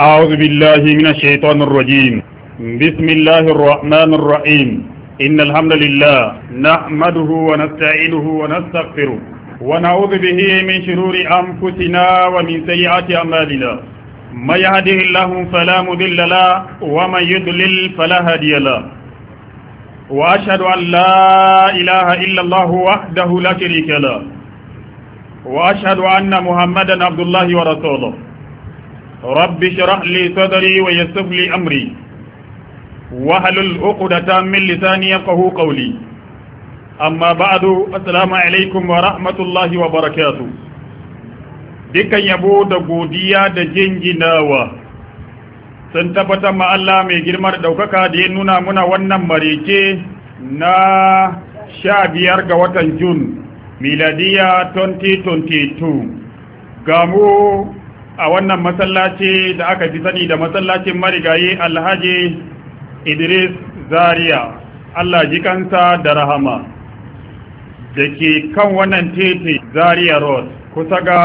أعوذ بالله من الشيطان الرجيم بسم الله الرحمن الرحيم إن الحمد لله نحمده ونستعينه ونستغفره ونعوذ به من شرور أنفسنا ومن سيئات أعمالنا ما يهده الله فلا مضل له ومن يضلل فلا هادي له وأشهد أن لا إله إلا الله وحده لا شريك له وأشهد أن محمدا عبد الله ورسوله rabbi shirah li sadari wa yassir li amri wa halul uqdata min lisani yafqahu qawli amma ba'du assalamu alaikum wa rahmatullahi wa barakatuh dikan yabo da godiya da jinjinawa sun tabbatar ma Allah mai girmar ɗaukaka da ya nuna muna wannan marece na sha biyar ga watan jun miladiya 2022 ga mu a wannan masallaci da aka fi sani da masallacin marigayi alhaji idris zaria allah jikansa da rahama da ke kan wannan titi zaria road kusa ga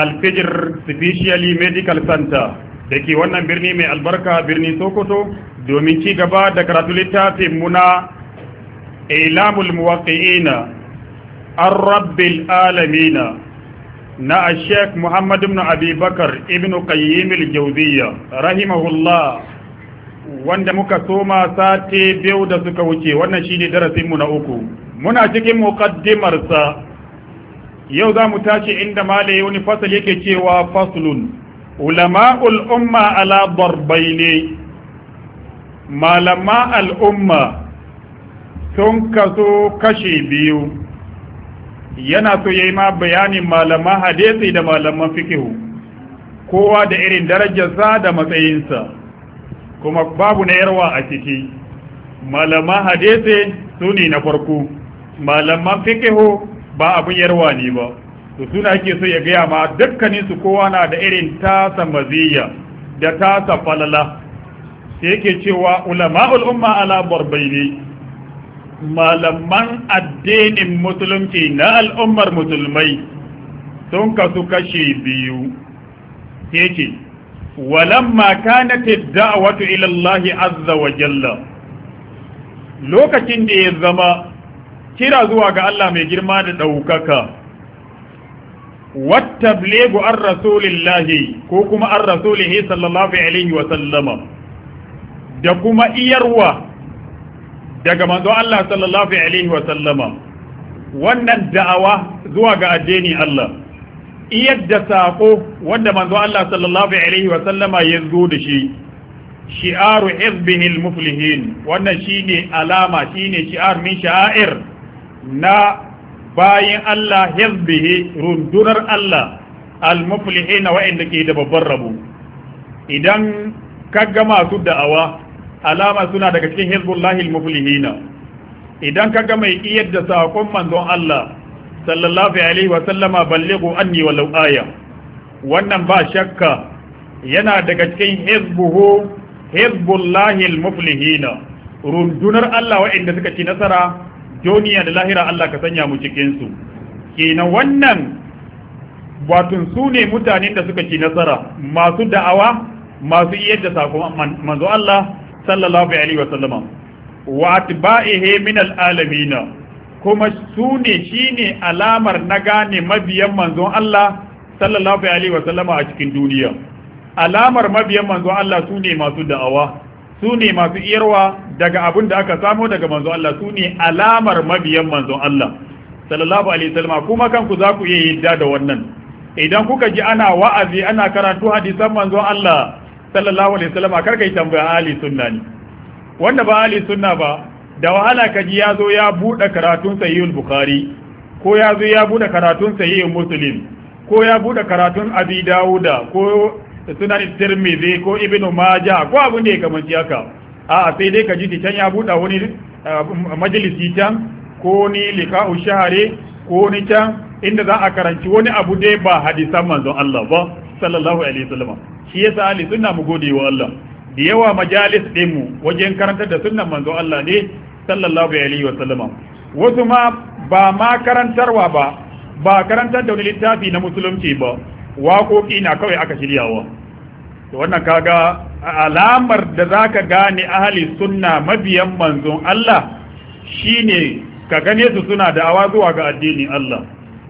alfijir specially medical center da ke wannan birni mai albarka birni sokoto domin ci gaba da karatu littafin muna ilamul muwaƙi'ina an rabbil alamina na Sheikh Muhammadu na Abi ibn Qayyim Jauziya. rahimahullah wanda muka soma sati biyu da suka wuce wannan shine darasin mu na uku muna cikin muqaddimar sa yau za mu tashi inda malai wani fasal yake cewa faslun ulama'ul umma ala ne. malama al'umma sun kaso kashe biyu yana so ya yi ma bayanin malaman hadisi da malaman fikihu kowa da irin darajarsa da matsayinsa kuma babu na yarwa a ciki malaman hadisi su ne na farko malaman fikihu ba abin yarwa ne ba to suna ke so ya gaya ma dukkanin su kowa na da irin tasa maziyya da tasa falala sai yake cewa ulama'ul umma ala barbaini malaman addinin musulunci na al'ummar musulmai sun kasu kashi biyu yake walamma kana ad-da'watu ila ilallahi azza wa jalla lokacin da ya zama kira zuwa ga Allah mai girma da ɗaukaka والتبليغ عن رسول kuma an عن رسوله صلى الله عليه وسلم da kuma iyarwa daga manzo Allah sallallahu alaihi Wasallama, wannan da'awa zuwa ga addini Allah iyadda saƙo wanda manzo Allah sallallahu alaihi Wasallama ya zo da shi shi'aru hizbihi muflihin wannan ne alama shine shi'ar min sha'air na bayin Allah hizbihi rundunar Allah al-muflihin wa'inda ke da babban rabo idan ka gama masu da'awa alama suna daga cikin hizbullahil muflihina idan ga mai iyar da sakon manzon Allah sallallahu alaihi wa sallama ballighu anni walau aya wannan ba shakka yana daga cikin hizbuhu hizbullahil muflihina rundunar Allah waɗanda suka ci nasara duniya da lahira Allah ka sanya mu cikin su kenan wannan watun su ne mutanen da suka ci nasara masu da'awa masu iya da manzo Allah sallallahu alaihi wa sallama wa atba'ihi min al'alamina kuma su ne shi ne alamar na gane mabiyan manzon Allah sallallahu alaihi wa sallama a cikin duniya alamar mabiyan manzon Allah su ne masu da'awa su ne masu iyarwa daga abin da aka samo daga manzon Allah su ne alamar mabiyan manzon Allah sallallahu alaihi wa sallama kuma kanku za ku iya yadda da wannan idan kuka ji ana wa'azi ana karatu hadisan manzon Allah sallallahu alaihi wasallam kar kai tambaya ahli sunna ne wanda ba ahli sunna ba da wahala ka ji yazo ya bude karatun sahihul bukhari ko ya ya bude karatun sahihul muslim ko ya bude karatun abi dauda ko sunan tirmidhi ko ibnu majah ko abin da ya kamanci haka a sai dai ka ji can ya bude wani eh, majalisi can ko ni liqa'u shahri ko ni can inda za a karanci wani abu dai ba hadisan manzon Allah ba sallallahu alaihi wasallam shi yasa ali sunna mu gode wa Allah da yawa majalis din mu wajen karantar da sunnan manzo Allah ne sallallahu alaihi wasallam wasu ma ba ma karantarwa ba ba karantar da wani littafi na musulunci ba waƙoƙi na kawai aka shiryawa to wannan kaga alamar da zaka gane ahli sunna mabiyan manzon Allah shine ka gane su suna awa zuwa ga addinin Allah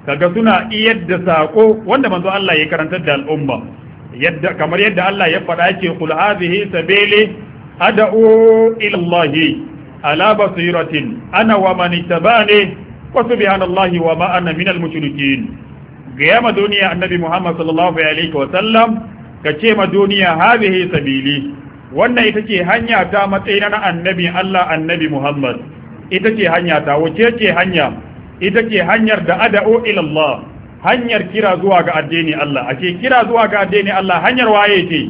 kaga suna iya da sako wanda manzo Allah ya karanta da al'umma yadda kamar yadda Allah ya faɗa ce qul hadhihi sabili ad'u ila Allah ala basiratin ana wa man ittabani wa subhanallahi wa ma ana minal mushrikin gaya ma duniya annabi Muhammad sallallahu alaihi wa sallam kace ma duniya hadhihi sabili wannan ita ce hanya ta matsayin annabi Allah annabi Muhammad ita ce hanya ta wace ce hanya ita ce hanyar da ada'o ilallah hanyar kira zuwa ga addini Allah ake kira zuwa ga addini Allah hanyar waye ce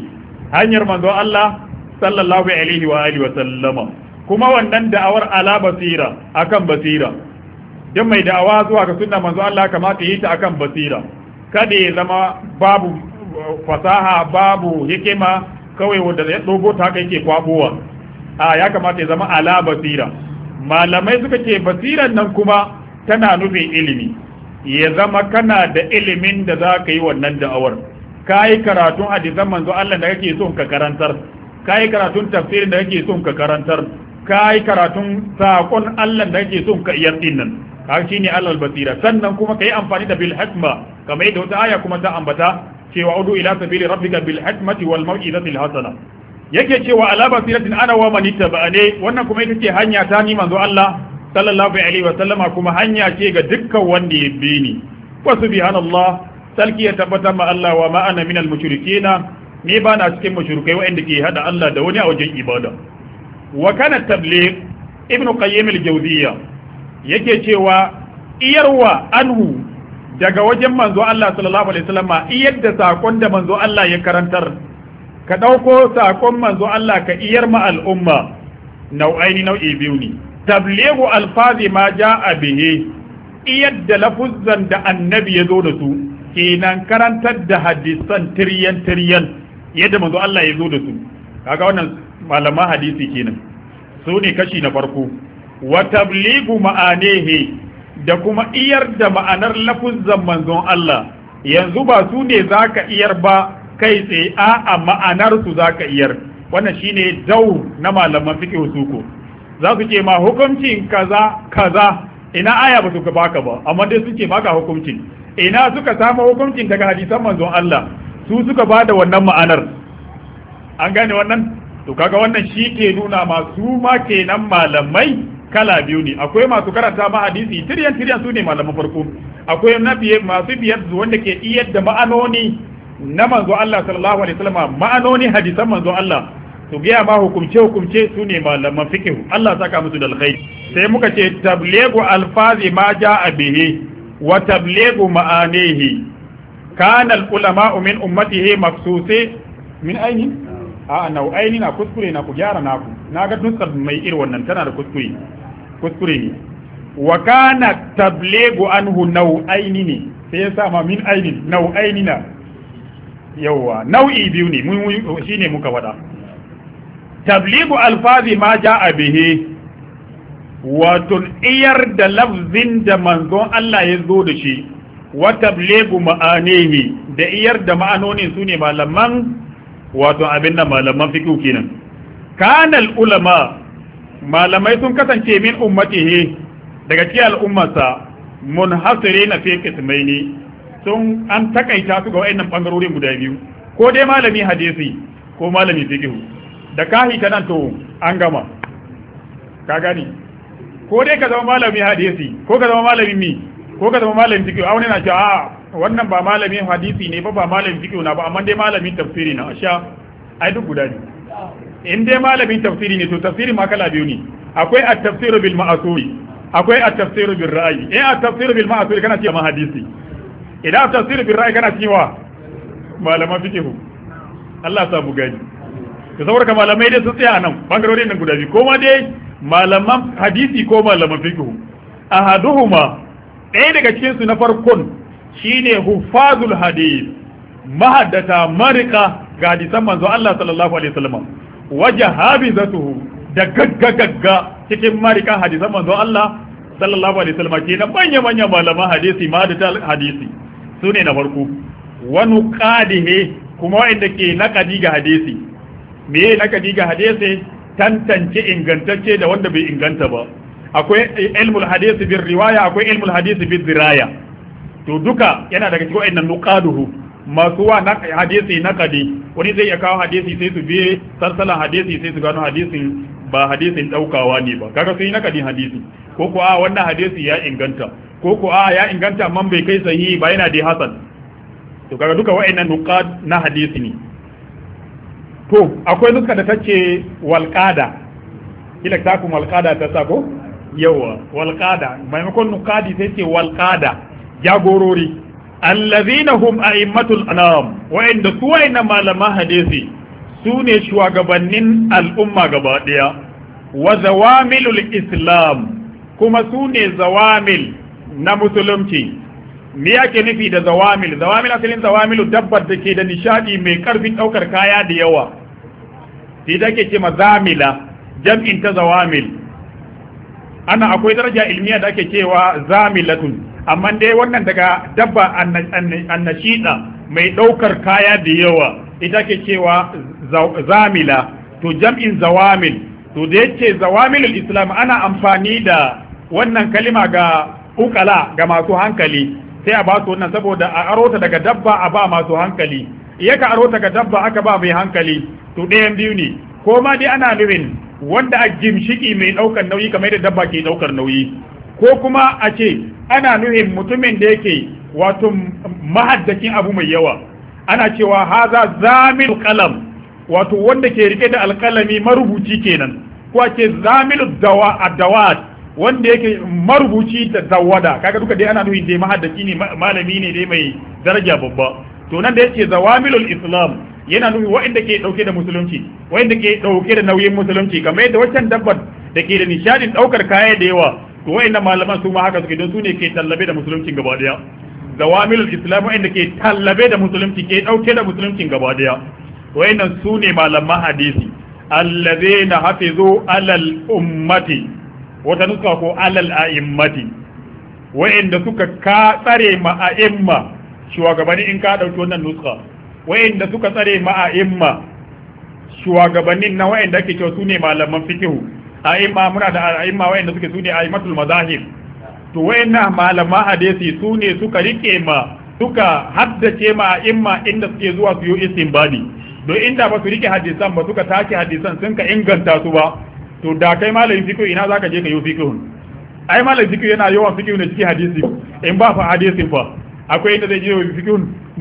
hanyar manzo Allah sallallahu alaihi wa alihi wa sallama kuma wannan da'awar ala basira akan basira duk mai da'awa zuwa ga sunna manzo Allah kamata yi ta akan basira kada ya zama babu uh, fasaha babu hikima kawai wanda ya dogo ta kai yake kwabowa a ya kamata ya zama ala basira malamai suka ce basiran nan kuma tana nufin ilimi ya zama kana da ilimin da za ka yi wannan da'awar ka yi karatun hadisan manzo Allah da kake son ka karantar ka yi karatun tafsirin da kake son ka karantar ka yi karatun saƙon Allah da kake son ka iyar dinnan shi ne Allah basira sannan kuma ka yi amfani da bil hikma kamar yadda wata aya kuma ta ambata cewa udu ila sabili rabbika bil hikmati wal mau'izati al hasana yake cewa ala basiratin ana wa man ittaba'ani wannan kuma ita ce hanya ta ni manzo Allah sallallahu alaihi wasallama kuma hanya ce ga dukkan wanda ya bi ni wa subhanallah salki ya tabbatar ma Allah wa ma ana minal mushrikina ni ba na cikin mushrikai waɗanda ke hada Allah da wani a wajen ibada wa kana tabligh ibn qayyim al-jawziyya yake cewa iyarwa anhu daga wajen manzo Allah sallallahu alaihi wasallama iyar da sakon da manzo Allah ya karantar ka dauko sakon manzo Allah ka iyar ma al'umma nau'aini nau'i biyu ne tablighu alfazi ma jaa bihi da lafuzzan da annabi yazo zo da su kenan karantar da hadisan tiryan tiryan yadda manzo Allah ya da su kaga wannan malaman hadisi kenan su ne kashi na farko wa tablighu ma'anihi da kuma iyar da ma'anar lafuzzan manzon Allah yanzu ba su ne zaka iyar ba kai tsaye a ma'anar su zaka iyar wannan shine dau na malaman fiqh suko za su ce ma hukuncin kaza kaza ina aya ba su ka baka ba amma dai sun ce maka hukuncin ina suka samu hukuncin daga hadisan manzon Allah su suka bada wannan ma'anar an gane wannan to kaga wannan shi ke nuna ma su ma kenan malamai kala biyu ne akwai masu karanta ma hadisi tiryan tiryan su ne malaman farko akwai na biye masu biyar wanda ke iya da ma'anoni na manzo Allah sallallahu alaihi wasallam ma'anoni hadisan manzo Allah su gaya ma hukumce hukumce su ne malaman fikihu Allah saka musu da alkhairi sai muka ce tabligu alfazi ma a bihi wa tabligu ma'anihi kana al-ulama min ummatihi maksuse min aini a aini na kuskure na ku gyara naku na ga dukkan mai irin wannan tana da kuskure kuskure ne wa kana tabligu anhu aini ne sai ya sa ma min aini aini na yawa nau'i biyu ne mun shine muka wada tabligu alfazi ma ja a bihe wato iyar da lafzin da manzon Allah ya zo da shi wa tabligu ma'anihi da iyar da ma'anonin su ne malaman wato abin da malaman fiqh kenan kanal ulama malamai sun kasance min ummatihi daga cikin al'ummarsa na fi qismaini sun an takaita su ga wayannan bangarorin guda biyu ko dai malami hadisi ko malami fikihu da kahi ta nan to an gama ka gani ko dai ka zama malami hadisi ko ka zama malami mi ko ka zama malami fiqh a wani na cewa a wannan ba malami hadisi ne ba ba malami fiqh na ba amma dai malami tafsiri na asha ai duk guda ne in dai malami tafsiri ne to tafsiri ma kala biyu ne akwai at-tafsiru bil ma'asuri akwai at-tafsiru bil ra'yi eh at-tafsiru bil ma'asuri kana cewa hadisi idan at-tafsiru bil ra'yi kana cewa malama fiqh Allah sabu gani ka saboda ka malamai dai sun tsaya a nan bangarorin nan guda biyu ko ma dai malaman hadisi ko malaman fiqhu ahaduhuma ɗaya daga cikin su na farkon shine hufazul hadith mahaddata marika ga hadisan manzo Allah sallallahu alaihi wasallam waja habizatuhu da gaggagagga cikin marika hadisan manzo Allah sallallahu alaihi wasallam kenan manya manya malaman hadisi mahaddata hadisi sune na farko wani qadihi kuma wanda ke nakadi ga hadisi meye kadi ga hadisi tantance ingantacce da wanda bai inganta ba akwai ilmul hadisi bin riwaya akwai ilmul hadisi bin diraya to duka yana daga cikin wa'annan nuqaduhu masu wa na hadisi nakadi wani zai iya kawo hadisi sai su biye sarsalan hadisi sai su gano hadisin ba hadisin daukawa ne ba kaga sun yi kadi hadisi ko ko a wannan hadisi ya inganta ko ko a ya inganta amma bai kai sahihi ba yana da hasan to kaga duka wa'annan nuqad na hadisi ne to akwai nuska da take walƙada kila ta kuma walƙada ta sako yawa walƙada maimakon nukadi sai ce walƙada jagorori allazina hum a'immatul anam wa'inda su wa'inna malama hadisi su ne shugabannin al'umma gaba daya wa zawamilul islam kuma sune ne zawamil na musulunci me yake nufi da zawamil zawamil asalin zawamilu dabbar da ke da nishadi mai karfin daukar kaya da yawa sai da ake ce ma zamila jam'in ta zawamil ana akwai daraja ilmiya da ake cewa zamilatun amma dai wannan daga dabba annashida mai ɗaukar kaya da yawa ita ake cewa zamila to jam'in zawamil to da yake zawamilul islam ana amfani da wannan kalima ga ukala ga masu hankali sai a ba su wannan saboda a arota daga dabba a ba masu hankali Iyaka arota daga dabba aka ba mai hankali to ɗayan biyu ne ko ma dai ana nufin wanda a gimshiki mai ɗaukar nauyi kamar da dabba ke ɗaukar nauyi ko kuma a ce ana nufin mutumin da yake wato mahaddacin abu mai yawa ana cewa haza zamil kalam wato wanda ke rike da alkalami marubuci kenan ko a ce zamil dawa adawat wanda yake marubuci da zawada kaga duka dai ana nufin dai mahaddaci ne malami ne dai mai daraja babba to nan da yake zawamilul islam yana nufin waɗanda ke dauke da musulunci waɗanda ke dauke da nauyin musulunci kamar yadda waccan dabbar da ke da nishadin ɗaukar kaya da yawa to waɗannan malaman su ma haka suke don su ne ke tallabe da musulunci gaba daya zawamil islam waɗanda ke tallabe da musulunci ke ɗauke da musulunci gaba daya waɗannan su ne malaman hadisi allazina hafizu alal ummati wata nuska ko alal a'immati waɗanda suka ka tsare ma a'imma shugabanni in ka ɗauki wannan nuska da suka tsare ma'a'imma shugabannin na da ake cewa su ne malaman fikihu a'imma muna da a'imma da suke su ne a'immatul mazahir to na malama hadisi su ne suka rike ma suka haddace ma'a'imma inda suke zuwa su yi bani don inda ba su rike hadisan ba suka tashi hadisan sun ka inganta su ba to da kai malamin fikihu ina zaka je ka yi fikihun ai malamin fikihu yana yawan fikihu ne cikin hadisi in ba fa hadisin fa akwai inda zai je wa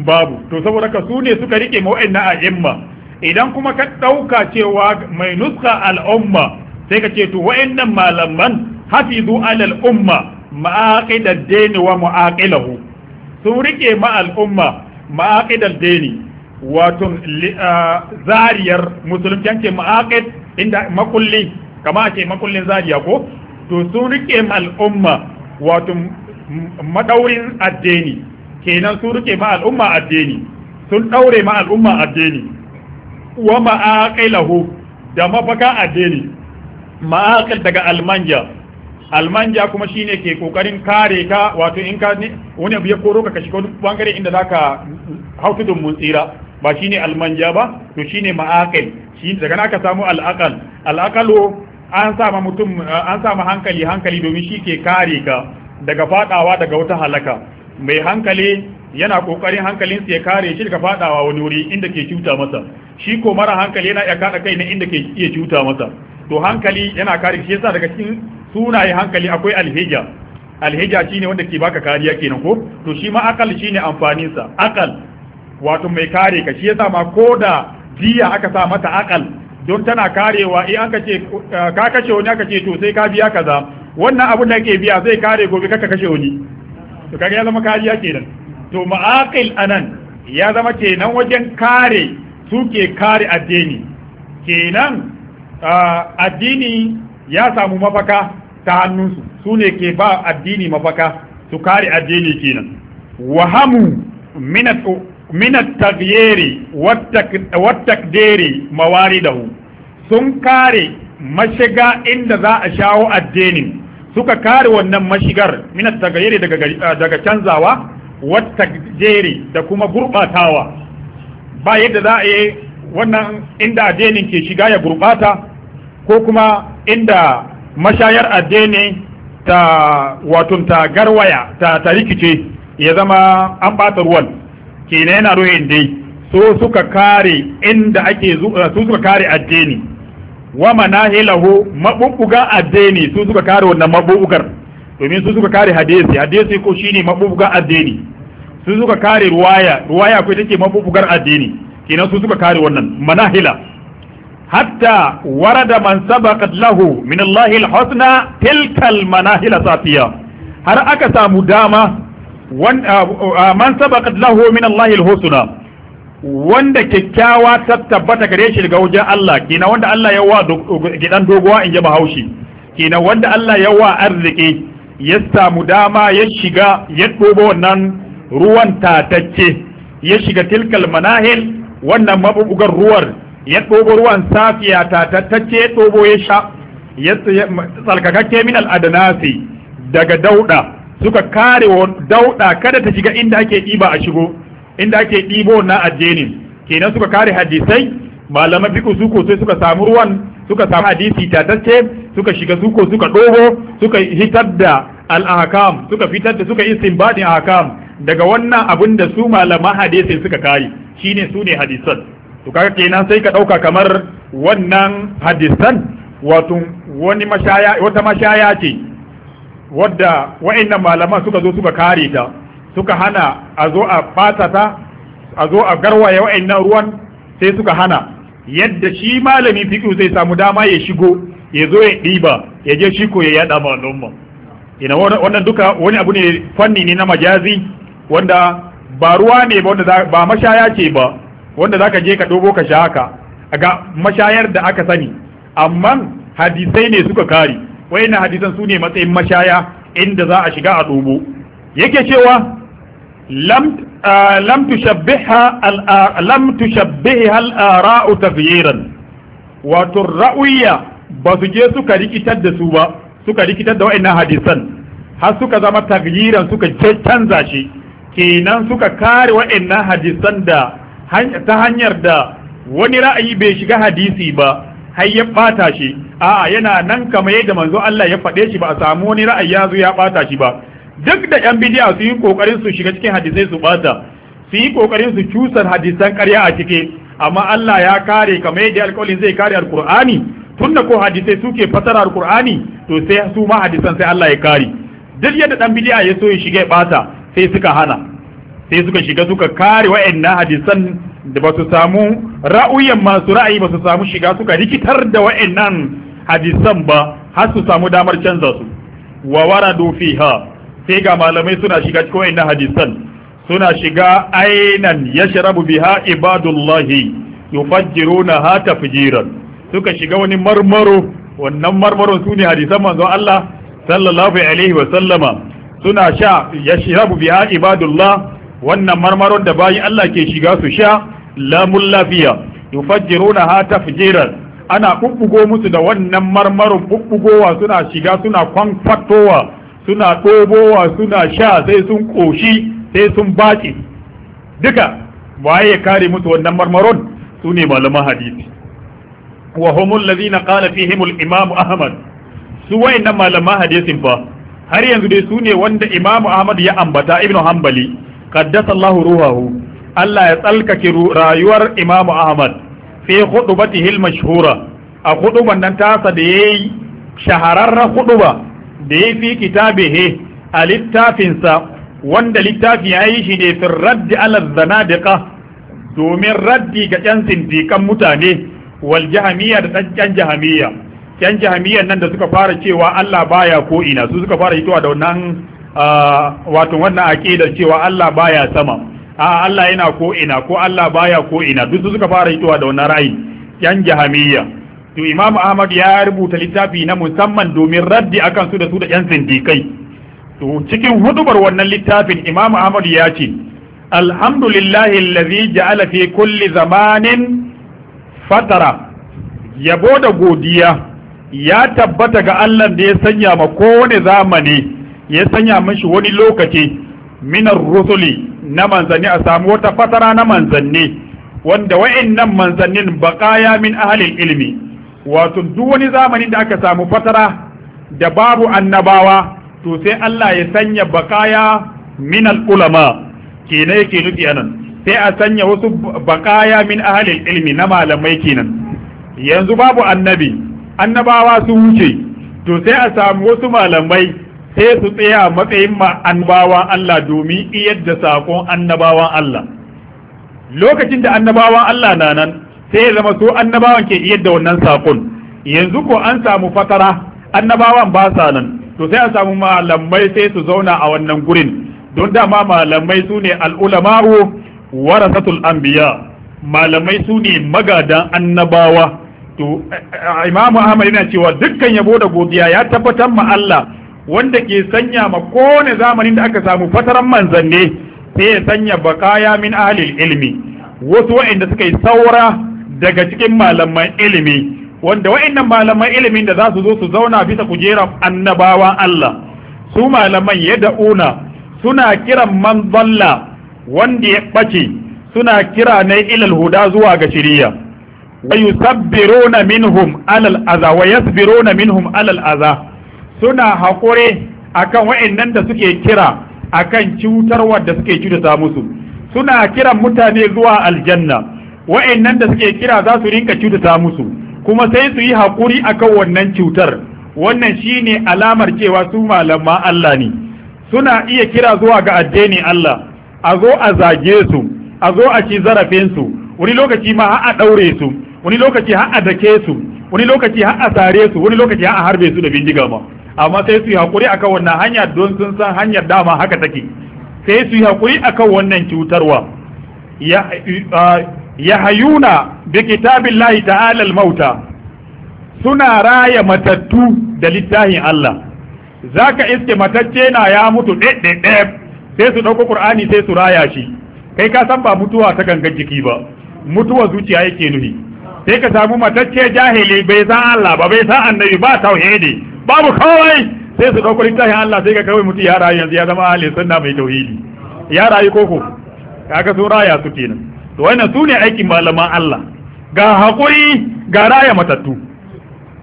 babu to saboda ka su ne suka rike ma'o'inna a imma idan kuma ka ɗauka cewa mai nuska al'umma sai ka ce to wa'annan malaman hafizu alal umma ma'aqidad dini wa mu'aqilahu sun rike ma al'umma ma'aqidal dini wato zariyar musulunci an ce ma'aqid inda makulli kama ce makullin zariya ko to sun rike ma al'umma wato madaurin addini kenan sun rike ma al'umma addini sun daure ma al'umma addini wa ma'aqilahu da mafaka addini ma'aqil daga almanja almanja kuma shine ke kokarin kare ka wato in ka wani abu ya koro ka kashi bangare inda zaka hautu dun mutsira ba shine almanja ba to shine ma'aqil shi daga naka samu al'aqal al'aqalu an sa mutum an sa hankali hankali domin shi ke kare ka daga fadawa daga wata halaka mai hankali yana kokarin hankalinsa ya kare shi daga fadawa wani wuri inda ke cuta masa shi ko mara hankali yana iya kada kai na inda ke iya cuta masa to hankali yana kare shi yasa daga cikin sunaye hankali akwai alhija alhija shine wanda ke baka kariya kenan ko to shi ma akal shine amfanin sa akal wato mai kare ka shi yasa ma koda jiya aka sa mata akal don tana karewa in aka ce eh, ka kashe wani aka ce to sai ka biya kaza wannan abun da kake biya zai kare gobe kaka kashe wani to kaga ya zama kariya kenan to ma'aqil anan ya zama kenan wajen kare suke kare addini kenan addini ya samu mafaka ta hannunsu su ne ke ba addini mafaka su kare addini kenan wahamu minat mawari wattakderi mawaridahu sun kare mashiga inda za a shawo addinin suka kare wannan mashigar minat tagayyari ah, daga canzawa wata jere da kuma gurbatawa ba yadda za a yi wannan inda addinin ke shiga ya gurbata ko kuma inda mashayar addini ta watun ta garwaya ta ta rikice ya zama an bata ruwan kenan yana ruhin dai so suka kare inda ake ah, su suka kare addini wa manahilahu mabubuga addini su suka kare wannan mabubugar domin su suka kare hadisi hadisi ko shine mabubuga addini su suka kare ruwaya ruwaya ko take mabubugar addini kenan su suka kare wannan manahila hatta warada man sabaqat lahu min Allah al-husna tilka al-manahila safiya har aka samu dama ah, ah, man sabaqat lahu min Allah al-husna wanda kyakkyawa ta tabbata gare shi daga wajen Allah kina wanda Allah ya wa gidan dogowa in ji bahaushe kina wanda Allah ya wa arziki ya samu dama ya shiga ya dobo wannan ruwan tatacce ya shiga tilkal manahil wannan mabubugar ruwar ya dobo ruwan safiya tatacce ya dobo ya sha ya tsalkakakke min al'adanasi daga dauda suka kare dauda kada ta shiga inda ake ɗiba a shigo inda ake ɗibo na addinin kenan suka kare hadisai malaman fiqh su sai suka samu ruwan suka samu hadisi tatacce suka shiga suko suka dogo suka hitar da al suka fitar da suka istinbadin ahkam daga wannan abin da su malaman hadisai suka kare shine su ne hadisan to kaga kenan sai ka ɗauka kamar wannan hadisan wato wani mashaya wata mashaya ce wadda wa'annan malaman suka zo suka kare ta suka hana a zo a ɓata ta a zo a garwaye wa'annan ruwan sai suka hana yadda shi malami fiƙi zai samu dama ya shigo ya zo ya ɗiba ya je shi ko ya yada ma al'umma ina wannan duka wani abu ne fanni ne na majazi wanda ba ruwa ne ba wanda ba mashaya ce ba wanda zaka je ka dogo ka sha haka ga mashayar da aka sani amma hadisai ne suka kare wayannan hadisan su ne matsayin mashaya inda za a shiga a dobo yake cewa lam tushabbiha al'ara'u tafyiran wato ra'uyya ba su je suka rikitar da su ba suka rikitar da wa'annan hadisan har suka zama tagyiran suka canza shi kenan suka kare wa'annan hadisan da ta hanyar da wani ra'ayi bai shiga hadisi ba har ya bata shi a'a yana nan kamar yadda manzo Allah ya faɗe shi ba a samu wani ra'ayi ya zo ya bata shi ba duk da yan bidiya su yi kokarin su shiga cikin hadisai su bata su yi kokarin su cusar hadisan ƙarya a cike amma Allah ya kare kamar yadda alƙawarin zai kare alƙur'ani Tun da ko hadisai suke fasara alƙur'ani to sai su ma hadisan sai Allah ya kare duk yadda dan bidiya ya so ya shiga ya bata sai suka hana sai suka shiga suka kare wa'annan hadisan da ba su samu ra'uyan masu ra'ayi ba su samu shiga suka rikitar da wa'annan hadisan ba har su samu damar canza su wa waradu fiha sai ga malamai suna shiga cikin wayannan hadisan suna shiga ainan yashrabu biha ibadullahi yufajjirunaha tafjiran suka shiga wani marmaro wannan marmaron su ne hadisan manzon Allah sallallahu alaihi wa sallama suna sha yashrabu biha ibadullah wannan marmaron da bayin Allah ke shiga su sha lamun lafiya yufajjirunaha tafjiran ana bubbugo musu da wannan marmaron bubbugowa suna shiga suna kwankwatowa suna ɗobowa suna sha sai sun ƙoshi sai sun baci duka waye ya kare musu wannan marmaron su ne malaman hadisi wa humul ladina qala fihim al imam ahmad su wayannan malaman hadisin fa har yanzu dai sune wanda imam ahmad ya ambata ibnu hanbali qaddasallahu ruhahu Allah ya tsalkake rayuwar imam ahmad fi khutbatihi al mashhura a khutuban nan tasa da yayi shahararra khutuba da ya fi kitabihi a littafinsa wanda littafi ya yi shi ne fin raddi alal zanadiqa domin raddi ga ƴan sindikan mutane wal jahamiyya da ɗan ƴan jahamiyya ƴan jahamiyyan nan da suka fara cewa Allah baya ko ina su suka fara hitowa da wannan wato wannan da cewa Allah baya sama a Allah yana ko ina ko Allah baya ko ina duk su suka fara hitowa da wannan ra'ayi ƴan jahamiyya to imamu ahmad ya rubuta littafi na musamman domin raddi akan su da su da yan sindikai to cikin hudubar wannan littafin imamu ahmad ya ce alhamdulillahi allazi ja'ala fi kulli zamanin fatara yabo da godiya ya tabbata ga Allah da ya sanya ma kowane zamani ya sanya mashi wani lokaci minar rusuli na manzanni a samu wata fatara na manzanni wanda wa'annan manzannin baƙaya min ahalil ilmi wato duk wani zamanin da aka samu fatara da babu annabawa to sai Allah ya sanya bakaya min al ulama kenan yake nufi anan sai a sanya wasu bakaya min ahalil ilmi na malamai kenan yanzu babu annabi annabawa su wuce to sai a samu wasu malamai sai su tsaya matsayin ma annabawan Allah domin iyar da sakon annabawan Allah lokacin da annabawan Allah na nan sai ya zama su annabawan ke iya da wannan sakon yanzu ko an samu fatara annabawan ba sa nan to sai a samu malamai sai su zauna a wannan gurin don dama malamai su ne al'ulama'u warasatul anbiya malamai su ne magadan annabawa to imamu ahmad yana cewa dukkan yabo da godiya ya tabbatar ma Allah wanda ke sanya ma kowane zamanin da aka samu fataran manzanni sai ya sanya bakaya min ahlil ilmi wasu wa'inda suka yi saura daga cikin malaman ilimi wanda wa'annan malaman ilimin da za su zo su zauna bisa kujerar annabawa Allah su malaman ya da'una suna kiran man zalla wanda ya ɓace suna kira na ilal huda zuwa ga shiriya wa yusabbiruna minhum alal aza wa yasbiruna minhum alal aza suna haƙure akan wa'annan da suke kira akan cutarwar da suke cutata musu suna kiran mutane zuwa aljanna wa'annan da suke kira za su rinka cutata musu kuma sai su yi haƙuri akan wannan cutar wannan shine alamar cewa su malama Allah ne suna iya kira zuwa ga addini Allah a zo a zage su a zo a ci zarafin su wani lokaci ma har a daure su wani lokaci har a dake su wani lokaci har a sare su wani lokaci har a harbe su da bindiga ma amma sai su yi haƙuri akan wannan hanya don sun san hanyar dama haka take sai su yi haƙuri akan wannan cutarwa ya uh, yahayuna bi kitabillahi ta'ala al-mauta suna raya matattu da littahin Allah zaka iske matacce na ya mutu ɗaiɗaiɗai sai su ɗauko ƙur'ani sai su raya shi kai ka san ba mutuwa ta gangan jiki ba mutuwa zuciya yake nuhi sai ka samu matacce jahili bai san Allah ba bai san annabi ba tauhidi babu kawai sai su ɗauko littahin Allah sai ka kawai mutu ya rayu yanzu ya zama ahli sunna mai tauhidi ya rayu koko kaga sun raya su kenan to wannan sune aikin malaman Allah ga hakuri ga raya matattu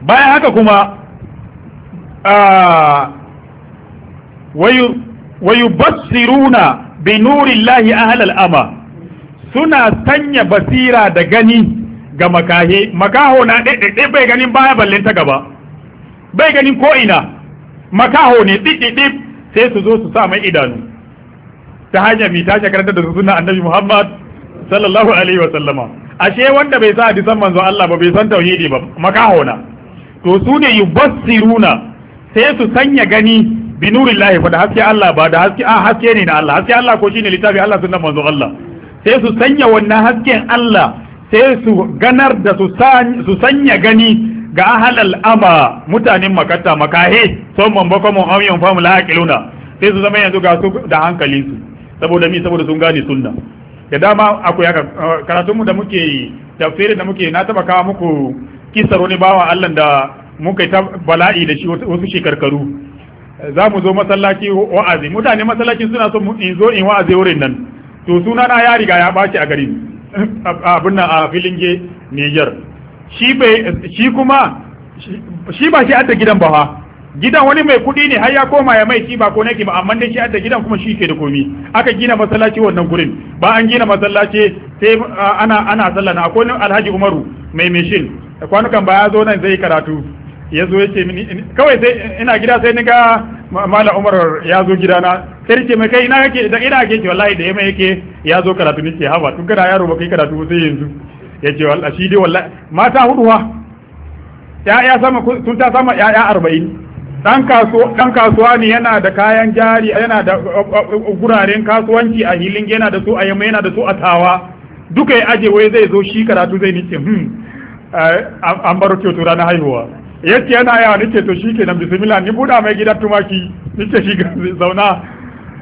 bayan haka kuma wayu basiruna bi nurillahi ahlal ama suna sanya basira da gani ga makahe makaho na ɗaiɗaiɗe bai ganin baya ballin ta gaba bai ganin ko ina makaho ne ɗiɗiɗi sai su zo su sa mai idanu ta hanyar mita shekarar da suna annabi muhammad sallallahu alaihi wa sallama ashe wanda bai sa hadisan manzon Allah ba bai san tauhidi ba makahona to su ne yubassiruna sai su sanya gani bi nurillahi fa da haske Allah ba da haske a haske ne na Allah haske Allah ko shine littafi Allah sunnan manzon Allah sai su sanya wannan hasken Allah sai su ganar da su sanya gani ga ahalal ama mutanen makatta makahe son mambakon mun auyan famu la sai su zama yanzu ga su da hankalin su saboda mi saboda sun gane sunna da dama akwai haka uh, karatunmu da muke yi tafsirin da muke na taba kawo muku kisar wani bawa Allah da muka yi ta bala'i da shi wasu shekarkaru za mu zo masallaci wa'azi mutane masallacin suna so in zo in wa'azi wurin nan to suna na ya riga ya ɓaci a gari abin nan a filin ge Niger shi kuma shi ba shi adda gidan ba gidan wani mai kuɗi ne har ya koma ya mai ci ba ko nake ba amma dai shi da gidan kuma shi ke da komi aka gina masallaci wannan gurin ba an gina masallaci sai ana ana sallah na akwai Alhaji Umaru mai meshin kwanukan ba ya zo nan zai karatu ya zo yace mini kawai sai ina gida sai ga mala Umar ya zo gida na sai ce mai kai ina kake da ina kake wallahi da yamma yake ya zo karatu nake haba tun kana yaro ba kai karatu sai yanzu yace wallahi shi dai wallahi mata huduwa ya sama sun ta sama ya arba'in dan kasuwa ne yana da kayan jari yana da uh, uh, uh, guraren kasuwanci a hilin yana da su a yamma yana da su a tawa duka ya aje wai zai zo shi karatu zai nice hmm eh, an baro kyoto ranar haihuwa ce yana yawa nice to shi ke nan bisimila ni buɗa mai gida tumaki nice shi zauna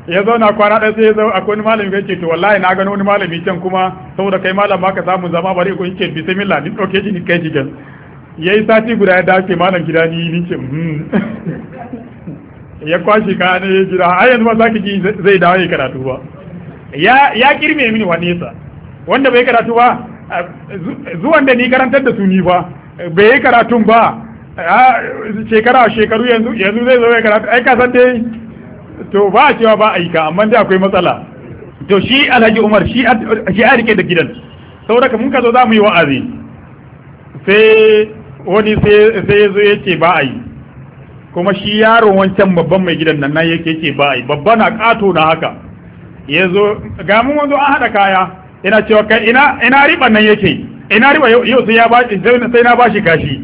ya zauna kwana ɗaya sai ya zo akwai wani malami ya ce to wallahi na gano wani malami can kuma saboda kai malam ba ka samu zama bari ko in ce bisimila ni ɗauke shi ni kai shi kenan ya yi sati guda ya dace malam gida ni yi ce hmm. ya kwashe ka ne ya jira a yanzu ba za ki zai dawo ya karatu ba ya kirme mini wa nesa wanda bai karatu ba zuwan da ni karantar da su ni ba bai yi karatun ba shekara shekaru yanzu yanzu zai zo ya karatu ai san dai to ba a cewa ba aika amma dai akwai matsala to shi alhaji umar shi a rike da gidan saboda mun ka zo za mu yi wa'azi sai wani sai ya zo ya ce ba a yi kuma shi yaron wancan babban mai gidan nan nan yake ce ba a yi babba na kato na haka ya zo ga mun wanzu an haɗa kaya ina cewa kai ina ina riban nan yake ina riba yau sai ya ba sai na bashi kashi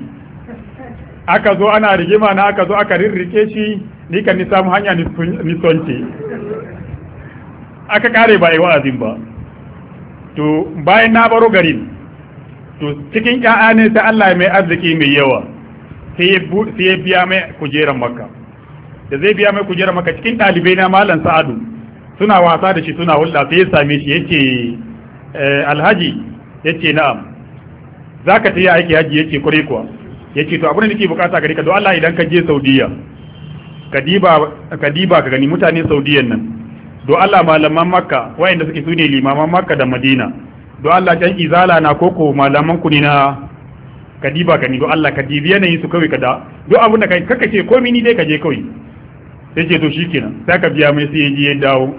aka zo ana rigima na aka zo aka rirrike shi ni kan ni samu hanya ni sonce aka kare ba yi wa'azin ba to bayan na baro garin to cikin ƴaƴa ne sai Allah mai arziki mai yawa sai ya biya mai kujerar makka da zai biya mai kujerar makka cikin ɗalibai na malam sa'adu suna wasa da shi suna hulɗa sai ya same shi yace eh, alhaji yace na'am zaka tayi aiki haji yace kure kuwa yace to abin da nake bukata gari ka don Allah idan ka je Saudiya ka diba ka gani mutane Saudiyan nan do Allah malaman makka wayanda suke sune limaman makka da madina don Allah can izala na koko malaman ku ne na kadiba gani don Allah ka yanayin su kawai kada don abin da kaka ce komai ni dai ka je kawai sai ce to shi kenan. sai ka biya mai sai ya je ya dawo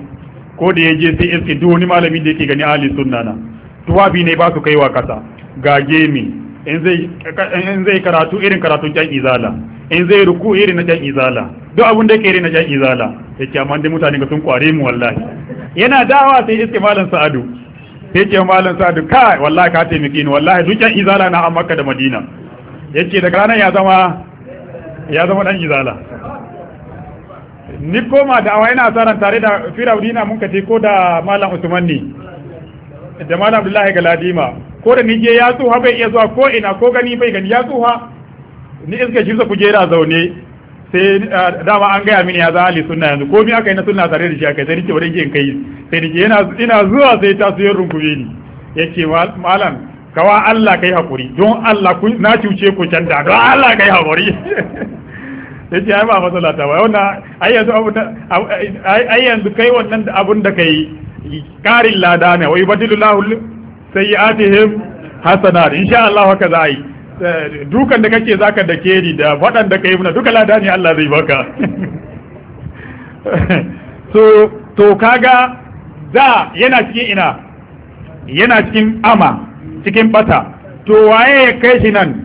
ko da ya je sai iske duk wani malami da yake gani ahli sunna na tuwafi ne ba su kaiwa kasa ga gemi in zai karatu irin karatun can izala in zai ruku irin na can izala duk abin da yake irin na can izala yake amma dai mutane ga sun kware mu wallahi yana dawa sai iske malam sa'adu sai ce malam sa'adu kai wallahi ka taimake ni wallahi dukkan izala na an makka da madina yace daga ranar ya zama ya zama dan izala ni koma da awa ina tsaron tare da firawdina mun kace ko da malam usman ne da malam abdullahi galadima ko da ni nije ya tsuha bai iya zuwa ko ina ko gani bai gani ya tsuha ni iska shi sa kujera zaune sai eh, dama an gaya mini ya za ali suna yanzu ko mi aka yi na suna tare da shi aka sai nake wadai in kai sai nake ina zuwa sai ta suyar rungume ni yace malam kawa Allah kai hakuri don Allah na cuce ku can da don Allah kai hakuri yace ai ba matsala ta ba wannan ai yanzu yanzu kai wannan abun da kai karin lada ne wai ati him hasanat insha Allah haka za a yi Eh, dukan da kake zaka da keri da faɗan da kai duka lada ne Allah zai baka so to kaga da yana cikin ina yana cikin ama cikin bata to waye ya kai shi nan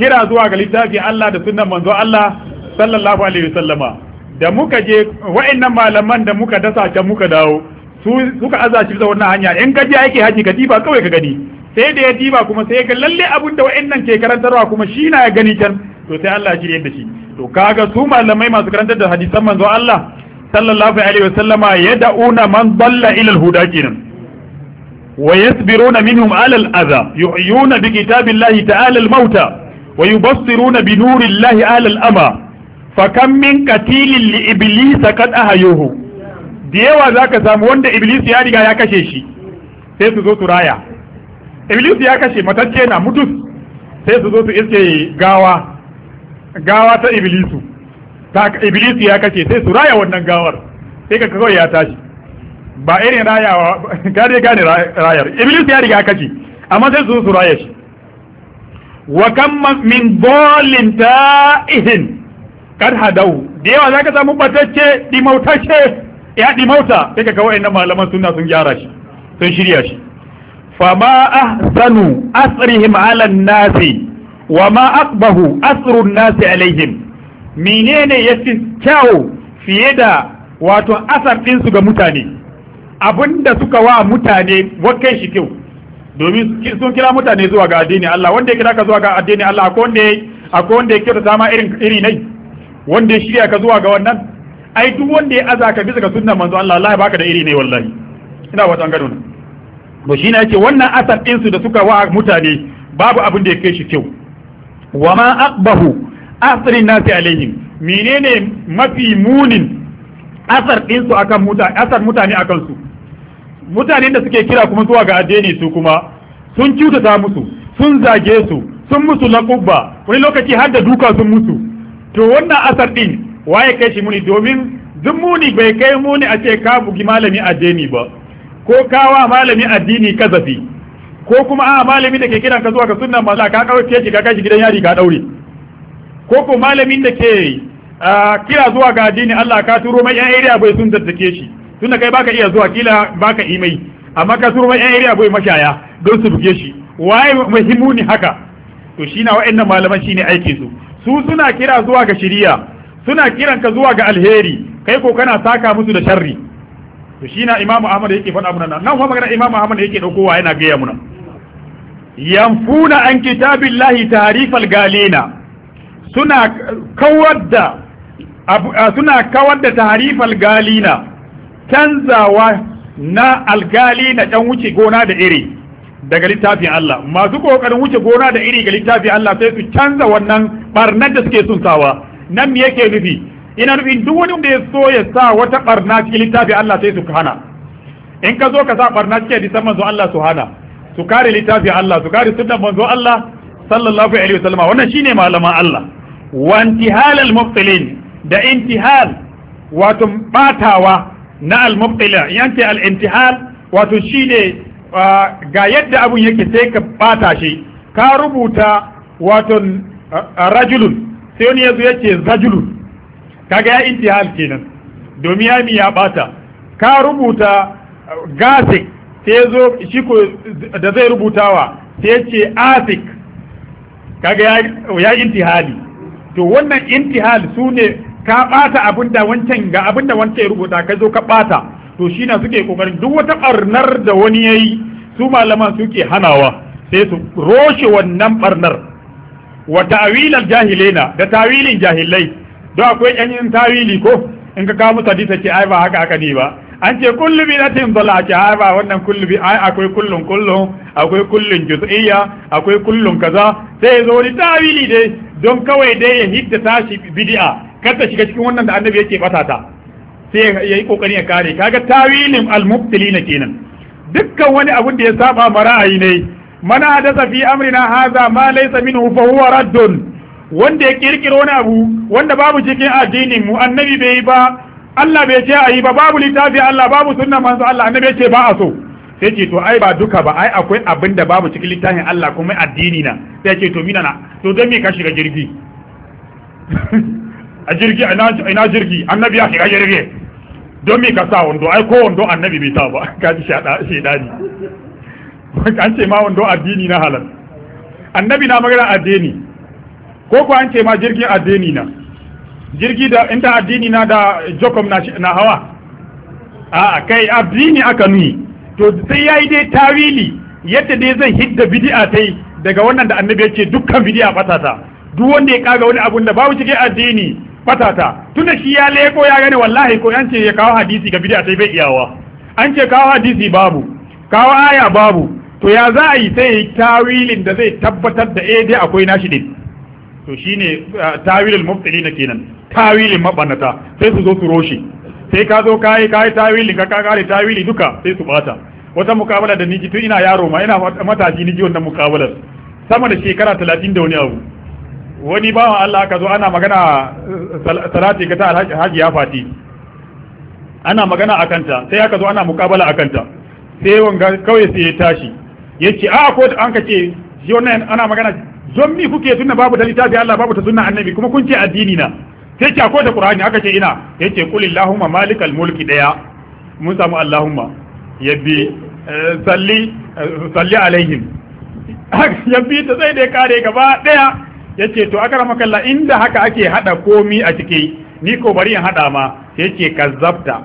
kira zuwa ga littafi Allah da sunnan manzo Allah sallallahu alaihi wasallama da muka je wa'annan malaman da muka dasa can muka dawo su suka azaci shi bisa wannan hanya in ka je aiki haji ka diba kawai ka gani sai da ya diba kuma sai ga lalle abin da wa'annan ke karantarwa kuma shi na ya gani can to sai Allah shirye da shi to kaga su malamai masu karantar da hadisan manzo Allah sallallahu alaihi wasallama yad'una man dalla ila al-huda kenan wa yasbiruna minhum ala al-adha yuhyuna bi kitabillahi ta'ala al-mauta wa yubassiruna bi nurillahi ala al-ama fa min qatilin li iblis qad ahayuhu da yawa zaka samu wanda iblis ya riga ya kashe shi sai su zo su raya iblis ya kashe matacce na mutus sai su zo su iske gawa gawa ta iblisu ta iblis ya kashe sai su raya wannan gawar sai ka kawai ya tashi ba irin rayawa gane gane rayar iblis ya riga kashe amma sai su su raya shi wa kam min bolin ta'ihin kan hadau da yawa zaka samu batacce dimautacce ya dimauta sai ka kawai nan malaman sunna sun gyara shi sun shirya shi fama ahsanu asrihim ala nasi wa ma aqbahu asrun nasi alaihim menene yafi kyau fiye da wato asar ɗinsu ga mutane abinda suka wa mutane wakai shi kyau domin sun kira mutane zuwa ga addini Allah wanda ya kira ka zuwa ga addini Allah akwai wanda ya wanda ya kyautata ma irin iri nai wanda ya shirya ka zuwa ga wannan ai duk wanda ya aza ka bisa ga sunan manzo Allah Allah ya baka da iri ne wallahi ina wata gado na to shi ne wannan asar ɗinsu su da suka wa mutane babu abin da ya kai shi kyau wa ma aqbahu asri nasi alaihim menene mafi munin asar din su akan mutane asar mutane akan su mutanen da suke kira kuma zuwa ga addini su kuma sun cutata musu sun zage su sun musu laƙubba wani lokaci har da duka sun mutu to wannan asar ɗin waye kai shi muni domin duk muni bai kai muni a ce ka bugi malami addini ba ko kawa malami addini kazafi ko kuma a malami da ke kiran ka zuwa ka sunna manzo ka kawace shi ka kai shi gidan yari ka daure ko ko malamin da ke kira zuwa ga addini Allah ka turo mai yan area bai sun tattake shi tunda kai baka iya zuwa kila baka imai amma ka turo mai yan area bai mashaya don su buge shi waye muhimmuni haka to shi na wa'annan malaman shine aiki su su suna kira zuwa ga shiriya suna kiran ka zuwa ga alheri kai ko kana saka musu da sharri to shi na imamu ahmad yake faɗa muna nan nan magana imamu ahmad yake ɗaukowa yana gaya muna yanfuna an kitabillahi tarifal galina suna kawar da suna kawar da tarifal galina canzawa na algalina dan wuce gona da iri daga littafin Allah masu kokarin wuce gona da iri ga littafin Allah sai su canza wannan barnar da suke sunsawa nan me yake nufi ina nufin duk wani wanda ya so ya sa wata barna cikin littafi Allah sai su hana in ka zo ka sa barna cikin hadisan manzo Allah su hana su kare littafi Allah su kare sunnan manzo Allah sallallahu alaihi wasallam wannan shine malaman Allah wa intihal al mubtilin da intihal wato batawa na al mubtila yanke al intihal wato shine ga yadda abun yake sai ka bata shi ka rubuta wato rajulun sai wani yazo yace rajulun kaga ya intihal kenan domin ya ya bata ka rubuta uh, gasik sai zo shi ko da zai rubutawa sai ce asik kaga ya intihali to wannan intihal su ne ka bata abinda wancan ga abinda wancan ya rubuta ka zo ka bata to shi na suke kokarin duk wata barnar da wani yayi su malaman suke hanawa sai su roshe wannan barnar wa ta'wilal jahilaina da tawilin jahilai don akwai yan yin tawili ko in ka kawo musu hadisa ce ai ba haka aka ne ba an ce kullu bi natin a ce ai ba wannan kullu bi ai akwai kullun kullun akwai kullun juz'iyya akwai kullun kaza sai zo ni tawili dai don kawai dai ya hidda tashi bid'a kar ta shiga cikin wannan da annabi yake bata ta sai ya yi kokari ya kare kaga tawilin al-mubtilina kenan dukkan wani abun da ya saba ma ra'ayi ne mana da safi amrina haza ma laysa minhu fa huwa raddun wanda ya kirkiro wani abu wanda babu cikin addinin mu annabi bai yi ba Allah bai ce a yi ba babu littafi Allah babu sunna manzo Allah annabi ce ba a so sai ce to ai ba duka ba ai akwai abin da babu cikin littafin Allah kuma addini na sai ce to mina na to don me ka shiga jirgi a jirgi ina jirgi annabi ya shiga jirgi don me ka sa wando ai ko wando annabi bai sa ba ka ji shedani an ce ma wando addini na halal annabi na magana addini ko ko an ce ma jirgin addini na jirgi da inda addini na da jokom na hawa a kai addini aka nuni to sai ya yi dai tawili yadda dai zan hidda bidi'a ta yi daga wannan da annabi ya ce dukkan bidi'a fatata duk wanda ya kaga wani abun da babu cikin addini fatata da shi ya leko ya gane wallahi ko an ce ya kawo hadisi ga bidi'a sai bai iyawa an ce kawo hadisi babu kawo aya babu to ya za a yi sai ya yi tawilin da zai tabbatar da eh dai akwai nashi din to shine ah, tawilin mubtilina kenan tawilin mabannata sai su zo su roshi sai ka zo kai kai tawili ka ka kare tawili duka sai su bata wata mukabala da niji tun ina yaro ma ina matashi niji wannan mukabalar sama da shekara talatin da wani abu wani ba wa Allah ka zo ana magana salati ga ta alhaji ya fati ana magana a kanta sai aka zo ana mukabala a kanta sai wanga kawai sai ya tashi ya ce a ko an ka ce shi wannan ana magana don mi kuke tunna babu da littafi Allah babu ta sunna annabi kuma kun ce addini na sai ce akwai da qur'ani aka ce ina yace qul malikal mulki daya mun samu allahumma yabi eh, salli eh, salli alaihim yabi ta sai dai kare gaba daya yace to la inda haka ake hada komi a ciki ni ko bari in hada ma yace kazzabta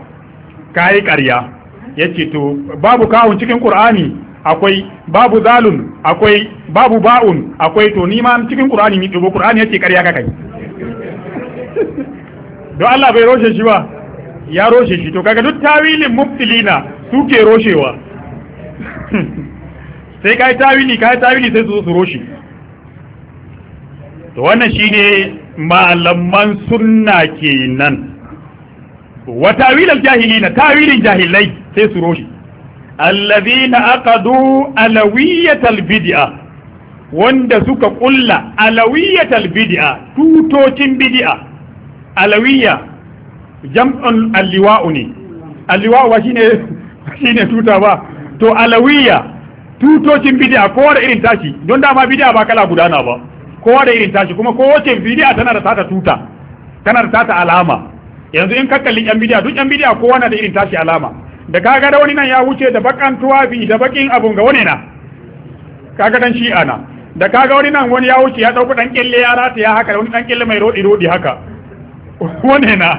kai ƙarya yace to babu kawun cikin qur'ani akwai babu zalun akwai babu ba'un akwai to ni ma cikin qur'ani ni dubo qur'ani yace ƙarya ka kai don Allah bai roshe shi ba ya roshe shi to kaga duk tawilin mubtilina suke roshewa sai kai tawili kai tawili sai su su roshe to wannan shine malaman sunna kenan wa tawilal jahilina tawilin jahilai sai su roshe allazina aqadu alawiyatal bid'a wanda suka kulla alawiyatal bid'a tutocin bid'a alawiya jam'un alliwa'u ne alliwa'u shine shine tuta ba to alawiya tutocin bid'a kowa da irin tashi don dama bid'a ba kala gudana ba kowa da irin tashi kuma kowace bid'a tana da tata tuta tana da tata alama yanzu in ka kalli yan bid'a duk yan bid'a kowa na da irin tashi alama da kaga da wani nan ya wuce da bakan tuwafi da bakin abun ga wani na kaga dan shi na da kaga wani nan wani ya wuce ya dauki dan kille ya rata ya haka wani dan kille mai rodi rodi haka wani na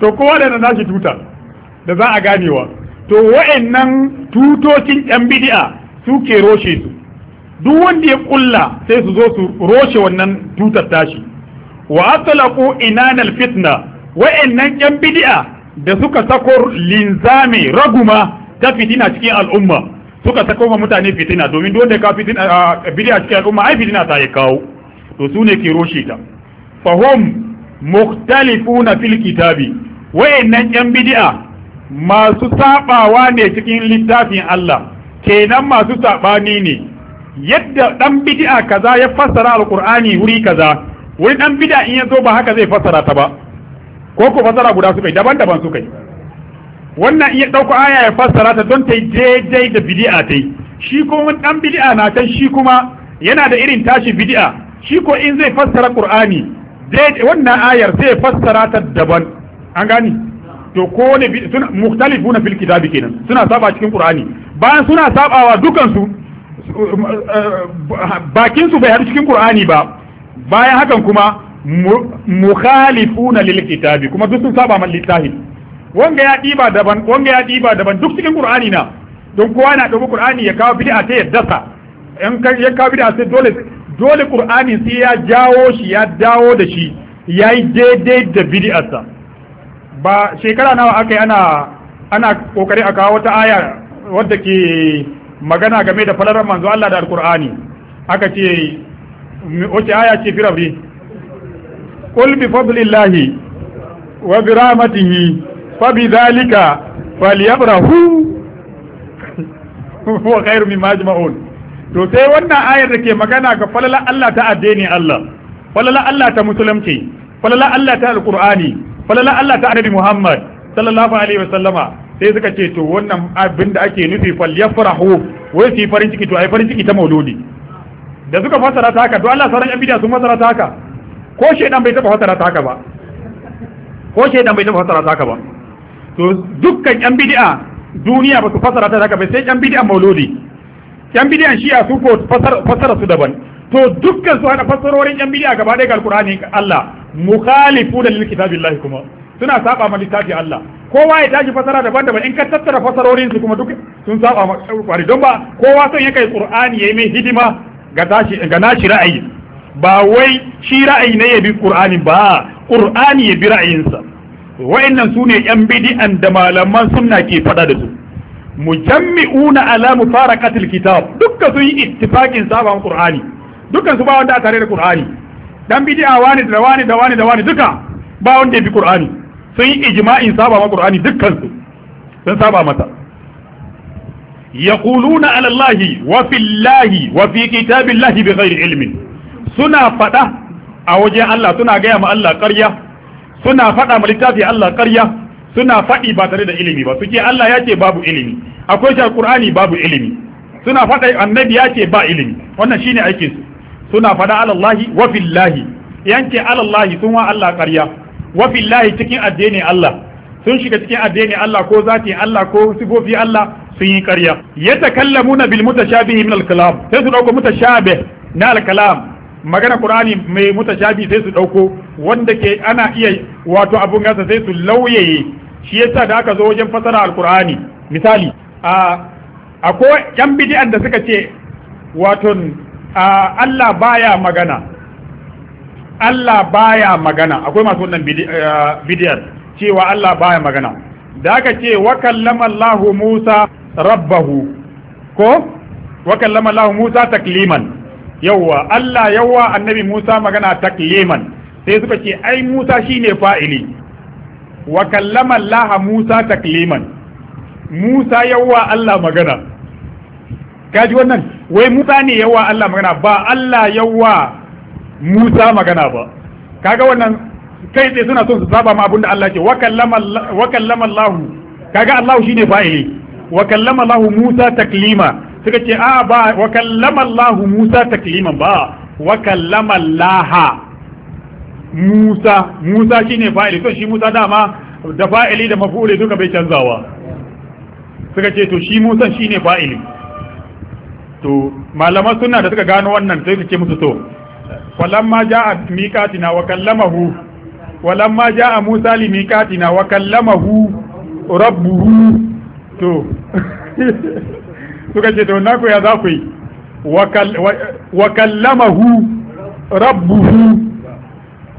to kowa da nan nashi tuta da za a ganewa to wa'annan tutocin yan bid'a suke roshe su duk wanda ya kulla sai su zo su roshe wannan tutar tashi wa atlaqu inanal fitna wa'annan yan bid'a da suka sako linzami raguma ta fitina cikin al'umma suka sako wa mutane fitina domin don da ka fitina a cikin al'umma ai fitina ta yi kawo to sune ne ke roshe ta fahum mukhtalifuna fil kitabi wayannan yan bidi'a masu sabawa ne cikin littafin Allah kenan masu sabani ne yadda dan bidi'a kaza ya fassara alqur'ani wuri kaza wani dan bidi'a in ya zo ba haka zai fassara ta ba ko ko fasara guda suka yi daban-daban suka yi wannan iya dauko aya ya fassara ta don ta yi daidai da bidi'a ta yi shi kuma ɗan bidi'a na can shi kuma yana da irin tashi bidi'a shi ko in zai fassara qur'ani wannan ayar zai fassara ta daban an gani to ko ne na fil kitabi kenan suna saba cikin qur'ani bayan suna sabawa dukan uh, uh, bakinsu bai haɗu cikin qur'ani ba bayan hakan kuma mukhalifuna lil kitabi kuma duk sun saba man littafi wanga ya diba daban wanga ya diba daban duk cikin qur'ani na don kowa na dauki qur'ani ya kawo bid'a ta yadda sa in kan ya kawo bid'a sai dole dole qur'ani sai ya jawo shi ya dawo da shi yayi daidai da bid'a sa ba shekara nawa aka yi ana ana kokari a kawo wata aya wadda ke magana game da falalar manzo Allah da alqur'ani aka ce wace aya ce firabi قل بفضل الله وبرحمته فبذلك فليبرهوا هو خير مما يجمعون to sai wannan ayar da ke magana ga falala Allah ta addini Allah falala Allah ta musulunci falala Allah ta alqur'ani falala Allah ta annabi Muhammad sallallahu alaihi wasallama sai suka ce to wannan abin da ake nufi fal yafrahu wai su farin ciki to ai farin ciki ta mauludi da suka fasara ta haka to Allah sauran yan bidiya sun fasara ta haka ko shaidan bai taba fasara taka ba ko shaidan bai taba fasara ta haka ba to dukkan yan bid'a duniya ba su fasara ta haka ba sai yan bid'a mauludi yan bid'a a su ko fasara su daban to dukkan su hada fasarorin yan bid'a gaba ɗaya ga alqur'ani Allah mukhalifu lil kitabillahi kuma suna saba ma littafi Allah kowa ya tashi fasara daban-daban in ka tattara fasarorin su kuma duk sun saba ma kwari don ba kowa son ya kai qur'ani yayi mai hidima ga tashi ga nashi ra'ayi ba wai shi ra'ayi ne ya bi qur'ani ba qur'ani ya bi ra'ayinsa wa'annan sune yan bidi'an da malaman sunna ke fada da su mujammi'una ala mufaraqatil kitab dukkan sun yi ittifaqin saban qur'ani dukkan su ba wanda aka rera qur'ani dan bid'a wani da wani da wani da wani duka ba wanda ya bi qur'ani sun yi ijma'in saba ma qur'ani dukkan su sun saba mata yaquluna ala allahi wa fillahi wa fi kitabillahi bighairi ilmin suna faɗa a wajen Allah suna gaya ma Allah ƙarya suna faɗa ma littafi Allah ƙarya suna faɗi ba tare da ilimi ba suke Allah ya ce babu ilimi akwai shi alqur'ani babu ilimi suna faɗa annabi ya ce ba ilimi wannan shine aikin su suna faɗa alallahi wa fillahi yanke alallahi sun wa Allah ƙarya wa fillahi cikin addini Allah sun shiga cikin addini Allah ko zati Allah ko sifofi Allah sun yi ƙarya yatakallamuna bil mutashabihi min al-kalam sai su dauko mutashabih na al-kalam magana qur'ani mai mutashabi sai su dauko wanda ke ana iya wato abun gasa sai su lauyaye shi yasa da aka zo wajen fasara alqur'ani misali a akwai yan bid'an da suka ce wato Allah baya magana Allah baya magana akwai masu wannan bidiyar cewa Allah baya magana da aka ce wa kallama Allah Musa rabbahu ko wa kallama Allah Musa takliman yawwa Allah yawwa annabi Musa magana takliman sai suka ce ai Musa shine fa'ili wa kallama Allah Musa takliman Musa yawwa Allah magana kaji wannan wai Musa ne yawwa Allah magana ba Allah yawwa Musa magana ba kaga wannan kai sai suna son su saba ma abinda Allah ce wa kallama Allah kaga Allah shine fa'ili wa kallama Allah Musa taklima suka ce a ah, ba wa kallama Allah Musa takliman ba wa kallama Allah Musa Musa shine fa'ili to shi Musa dama da fa'ili da maf'uli duka bai canzawa suka ce to shi Musa shine fa'ili to malama sunna da suka gano wannan sai su ce musu to walamma ja'a miqatina wa kallamahu walamma ja'a Musa li miqatina wa kallamahu rabbuhu to suka ce tauna na ku ya za ku yi wa kallama hu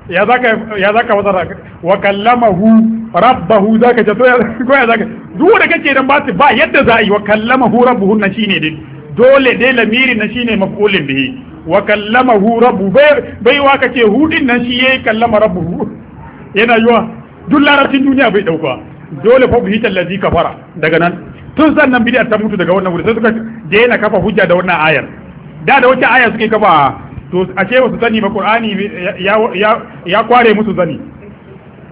ya hu ya ka wata wa kallama hu rabba hu za ka ko ya za ka duk da kake dan ba ba yadda za a yi wa kallama hu rabbu hu na shi ne dai dole dai lamiri na shi ne maf'ulin bihi wa kallama hu rabbu bai wa ce hu nan shi yi kallama rabbu hu yana yiwa duk larabcin duniya bai dauka dole fa bihi tallazi kafara daga nan tun sannan bid'a ta mutu daga wannan wuri sai suka daina kafa hujja da wannan ayar da da wacce aya suke kafa to ashe ba su sani ba qur'ani ya kware musu zani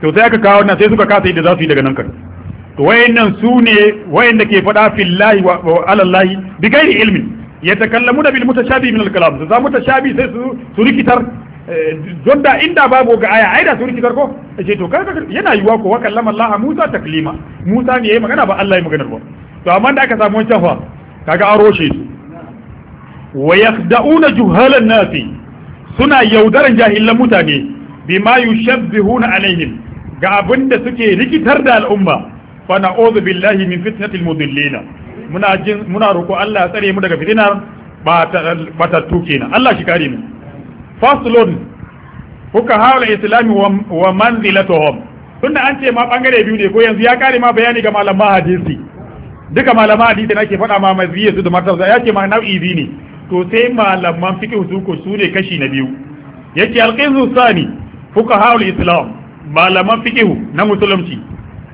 to sai aka kawo wannan sai suka kasa yadda za su yi daga nan kan to wayannan su ne wayanda ke faɗa fillahi wa alallahi bi ghairi ilmin yatakallamuna bil mutashabi min al kalam su za mutashabi sai su su rikitar jonda eh, inda babu ga aya aida da su rikitar ko ce to kaga yana yiwa ko wa kallama Allah Musa taklima Musa ne yayi magana ba Allah ya magana ba to amma da aka samu wancan fa kaga an roshe su wa yakhda'una juhalan nasi suna yaudaran jahilan mutane bima yushabbihuna alaihim ga abinda suke rikitar da al'umma fa na'udhu billahi min fitnatil mudillina muna jin muna roko Allah ya tsare mu daga fitinar batattu kenan Allah shi kare mu faslun fuka hawla islami wa manzilatuhum tunda an ce ma bangare biyu ne ko yanzu ya kare ma bayani ga malam hadisi duka malama hadisi na ke faɗa ma maziyya su da martaba ya ce ma nau'i ne to sai malaman fikin su ko su ne kashi na biyu yake alƙinsu sani fuka haul islam malaman fikihu na musulunci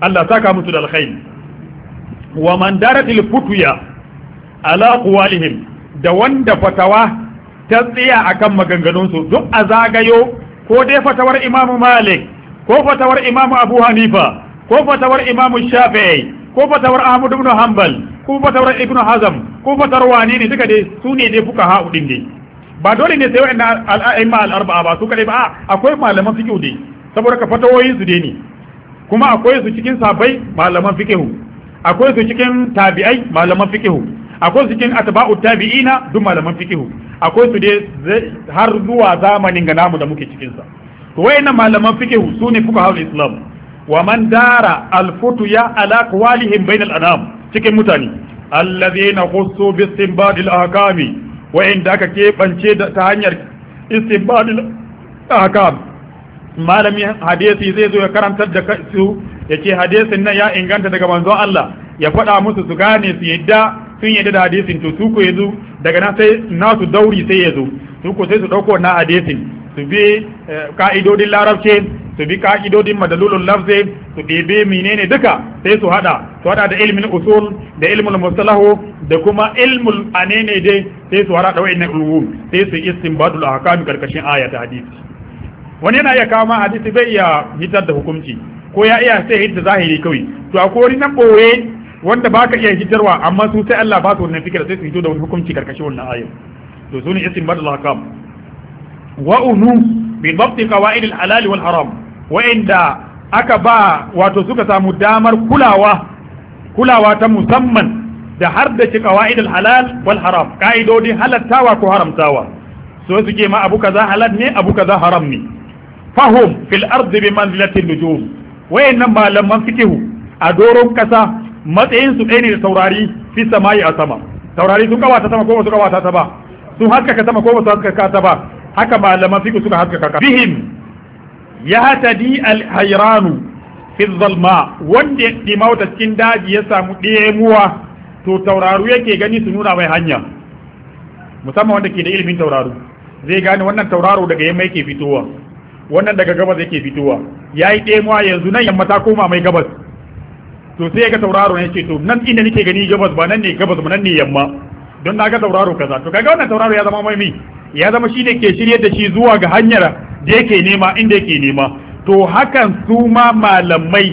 Allah saka musu da alkhairi wa man daratil futuya ala qawlihim da wanda fatawa ta tsaya akan maganganunsu duk a zagayo ko dai fatawar imamu malik ko fatawar imamu abu hanifa ko fatawar imamu shafi'i ko fatawar Ahmad ibn Hanbal ko fatawar Ibn Hazm ko fatawar wane ne duka dai su ne dai fuka ha udin dai ba dole ne sai wa'annan al'a'imma al'arba'a ba su kadai ba akwai malaman fiqh dai saboda ka fatawoyin su dai ne kuma akwai su cikin sabai malaman fiqh akwai su cikin tabi'ai malaman fiqh akwai su cikin atba'u tabi'ina duk malaman fiqh akwai su dai har zuwa zamanin ga namu da muke cikin sa to wayannan malaman fiqh su ne fuka ha islam wa man dara alfutu ya ala qawlihim bainal anam cikin mutane alladhina qussu bi istinbadil ahkami wa indaka aka bance da ta hanyar istinbadil ahkam malami hadisi zai zo ya karantar da su yake hadisin nan ya inganta daga manzo Allah ya faɗa musu su gane su yadda sun yadda da hadisin to su ko yazo daga nan sai nasu dauri sai yazo su ko sai su dauko na hadisin su bi eh, ka'idodin larabci su bi ka'idodin madalulun lafzi su ɗebe menene duka sai su hada su hada da ilmin usul da ilmin mustalahu da kuma ilmul anene dai sai su hada da wa'annan ulum sai su istinbadul ahkam karkashin ayata hadisi wani yana iya kama hadisi bai iya hitar da hukunci ko ya iya sai hitar zahiri kawai to a kori nan boye wanda baka iya hitarwa amma su sai Allah ba su wannan fikira sai su hito da wani hukunci karkashin wannan ayat to su ne istinbadul ahkam wa'unu min dabti qawaid al wal haram wa'inda aka ba wato suka samu damar kulawa kulawa ta musamman da har da ci qawaid al wal haram kaidodi halattawa ko haramtawa so suke ma abu kaza halal ne abu kaza haram ne fahum fil ardi bi manzilati an-nujum wayannan malaman fikihu a doron kasa matsayin su ɗaya ne da taurari fi samayi a sama taurari sun kawata sama ko ba su kawata ta ba sun haskaka sama ko ba su haskaka ta ba haka malaman fiku suka haskaka bihim yahtadi al-hayranu fi zalma wanda dimauta cikin daji ya samu ɗemuwa to tauraro yake gani su nuna mai hanya musamman wanda ke da ilimin tauraro zai gane wannan tauraro daga yamma yake fitowa wannan daga gabas yake fitowa yayi ɗemuwa yanzu nan yamma ta koma mai gabas to sai ga tauraro ne ce to nan inda nake gani gabas ba nan ne gabas ba nan ne yamma don na ga tauraro kaza to kaga wannan tauraro ya zama mai mi ya zama shi ne ke shirya da shi zuwa ga hanyar da yake nema inda yake nema to hakan su ma malamai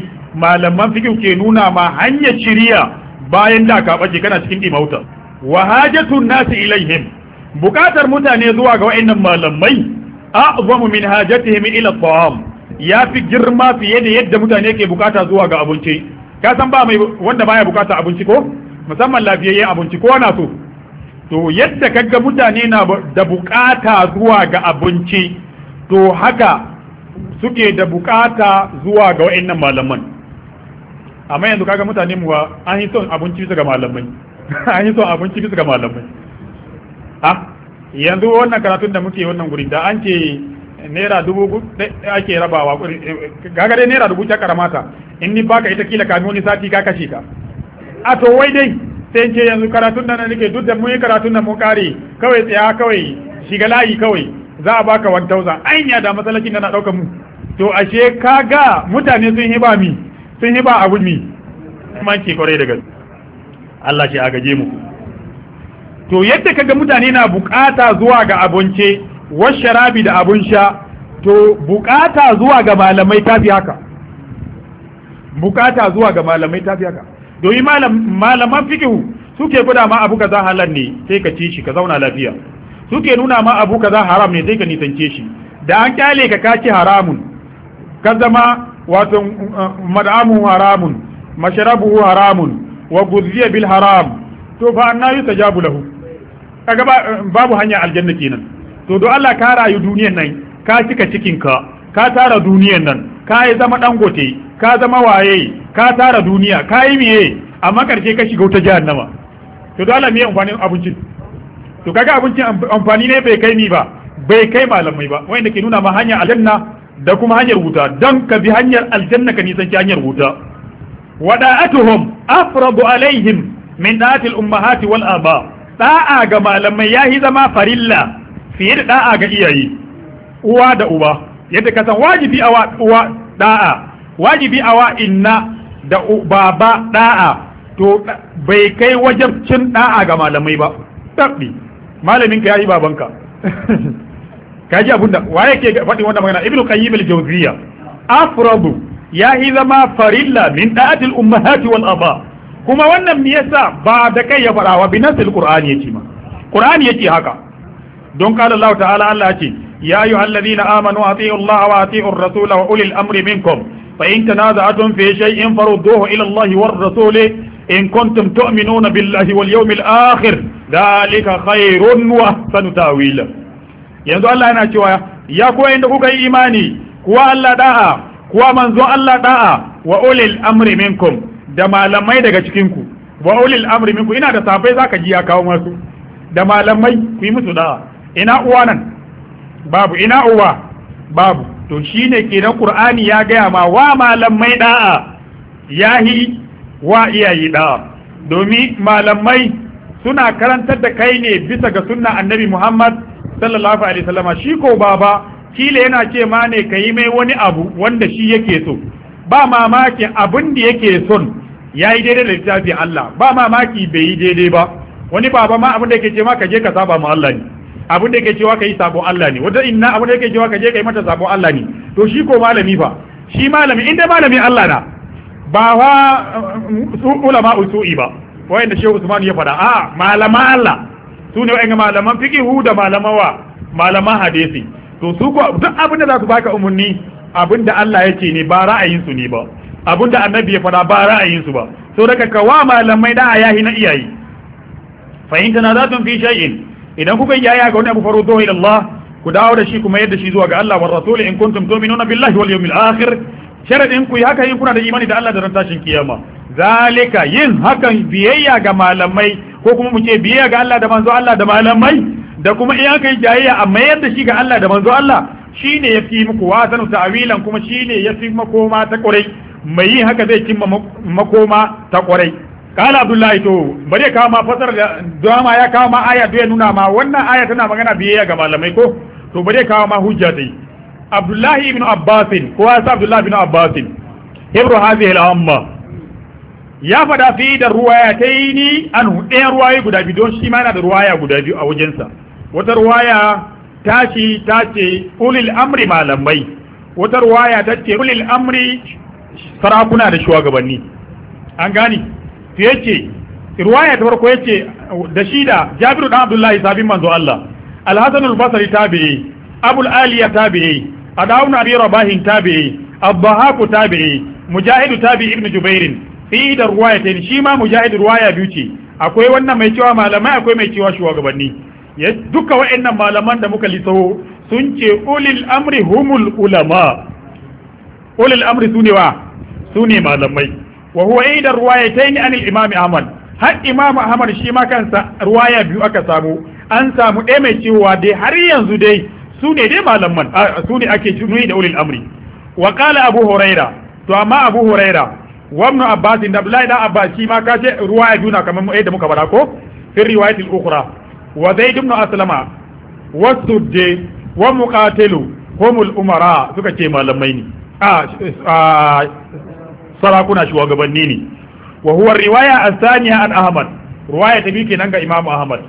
malaman fikin ke nuna ma hanyar shirya bayan da ka bace kana cikin dimauta wa hajatun nasi ilaihim bukatar mutane zuwa ga wa'annan malamai a'zamu min hajatihim ila ta'am fi girma fiye da yadda mutane ke bukata zuwa ga abinci ka san ba mai wanda baya bukata abinci ko musamman lafiyayyen abinci ko na so to yadda kaga mutane na da bukata zuwa ga abinci to haka suke da bukata zuwa ga wa'annan malaman amma yanzu kaga mutane muwa an yi son abinci bisa ga malamai an yi son abinci bisa ga malamai ha ah, yanzu wannan karatun da muke wannan guri da an ce naira dubu ake rabawa eh, eh, ga dai naira dubu ta karamata in ni baka ita kila kamuni sati ka kashe ka a ah, to wai dai sai ce yanzu karatun nan nake duk da mun yi karatun nan mun kare kawai tsaya kawai shiga layi kawai za a baka 1000 ya da masalakin da na dauka mu to ashe kaga mutane sun hiba mi sun hiba abu mi kuma ke kwarai da gaske Allah shi je mu to yadda kaga mutane na bukata zuwa ga abunce sharabi da abun sha to bukata zuwa ga malamai tafi haka bukata zuwa ga malamai tafi haka domin malaman fikihu suke gwada ma abu kaza halal ne sai ka ci shi ka zauna lafiya suke nuna ma abu kaza haram ne sai ka nisance shi da an kyale ka kaci haramun ka zama wato eh, mad'amu haramun masharabu haramun wa guziya bil haram to fa anna yustajabu lahu kaga babu hanya aljanna kenan to do Allah ka rayu duniyar nan ka cika cikin ka ka tara duniyar nan ka yi zama dangote ka zama waye ka tara duniya ka yi miye amma karshe ka shiga wuta jahannama to dole me amfanin abincin to kaga abincin amfani ne bai kai ni ba bai kai malamai ba wanda ke nuna ma hanyar aljanna da kuma hanyar wuta dan ka bi hanyar aljanna ka nisanci hanyar wuta wada'atuhum afradu alaihim min da'ati al-ummahati wal aba da'a ga malamai yahi zama farilla fiye da da'a ga iyaye uwa da uba yadda ka san wajibi awa uwa da'a wajibi awa inna da baba da'a to bai kai wajabcin da'a ga malamai ba tabbi malamin ka yayi babanka kaji abunda waye ke faɗin wannan magana ibnu qayyim al-jawziyya afradu ya yi zama farilla min al ummahati wal aba kuma wannan me yasa ba da kai ya faɗawa. bi al qur'ani yace ma qur'ani yace haka don qala Allah ta'ala Allah yace ya ayyuhallazina amanu atiiu Allah wa atiiur rasula wa ulil amri minkum فإن تنازعتم في شيء فردوه إلى الله والرسول إن كنتم تؤمنون بالله واليوم الآخر ذلك خير وأحسن تأويلا yanzu Allah yana cewa ya kuwa inda kuka yi imani kuwa Allah da'a kuwa manzo Allah da'a wa amri minkum da malamai daga cikinku ku wa ina da safai zaka ji ya kawo masu da malamai ku musu da'a ina uwa nan babu ina uwa babu to shi shine kenan ƙur'ani ya gaya ma wa malamai ya yi wa iyayi ɗa'a domin malamai suna karantar da kai ne bisa ga sunna annabi Muhammad sallallahu alaihi wasallam shi ko baba kila yana ce ma ne ka yi mai wani abu wanda shi yake so ba mamaki abin da yake son ya yi daidai da littafi Allah ba mamaki bai yi daidai ba wani baba ma abin da yake ce ma ka je ka saba ma Allah ne abin da yake cewa ka yi sabo Allah ne wata inna abin da yake cewa ka je yi mata sabo Allah ne to shi ko malami fa shi malami inda malami Allah na ba wa uh, uh, ulama usu'i ba wayanda shehu Usman ya faɗa a malama Allah su ne wayanda malaman fiqihu da malama wa malaman hadisi to su ko duk abin da za su baka umarni abin da Allah yake ne ba ra'ayin su ne ba abin da annabi ya faɗa ba ra'ayin su ba so daga kawa malamai da ayahi na iyayi fa in tun fi shay'in idan kuka yi yaya ga wani abu faru zuwa ilallah ku dawo da shi kuma yadda shi zuwa ga Allah war rasul in kuntum tu'minuna billahi wal yawmil akhir sharadin ku haka yin kuna da imani da Allah da ran tashin kiyama zalika yin hakan biyayya ga malamai ko kuma mu ce biyayya ga Allah da manzo Allah da malamai da kuma in aka yi jayayya a mayar da shi ga Allah da manzo Allah shine yafi muku wasanu ta'wilan kuma shine yafi makoma ta kurai mai yin haka zai cimma makoma ta kurai kala abdullahi to bare kama fasar da drama ya kama aya da ya nuna ma wannan aya tana magana biyayya ga malamai ko to bare kama hujja dai abdullahi ibn abbas ko ya sa abdullahi ibn abbas ibru hadhihi al-amma ya fada fi da ruwayataini an ɗaya ruwaye guda biyu don shi ma yana da ruwaya guda biyu a wajensa wata ruwaya ta ce ta ce ulil amri malamai wata ruwaya ta ce ulil amri sarakuna da shugabanni an gani to yake riwaya ta farko yace da shi da Jabiru dan Abdullahi sabin manzo Allah Al-Hasan al-Basri tabi'i Abu al-Aliya tabi'i adawna Abi Rabah tabi'i Abbahaku tabi'i Mujahid tabi'i Ibn Jubair fi da riwaya shi ma Mujahid riwaya biyu ce akwai wannan mai cewa malamai akwai mai cewa shugabanni duka wa'annan malaman da muka lisaho sun ce ulil amri humul ulama ulil amri sune wa sune malamai wa huwa inda ruwayatayn an al-imam Ahmad har imam Ahmad shi ma kansa ruwaya biyu aka samu an samu ɗaya mai cewa dai har yanzu dai su ne dai malaman su ne ake nuni da ulil amri wa qala abu huraira to amma abu huraira wa ibn abbas da abdullahi da abbas shi ma kace ruwaya biyu na kamar yadda muka bada ko fi riwayatil ukhra wa zaid ibn aslama wa sudde wa muqatilu humul umara suka ce malamai ne a sarakuna shugabanni ne wa huwa riwaya asaniya an ahmad riwaya ta biyu kenan ga imamu ahmad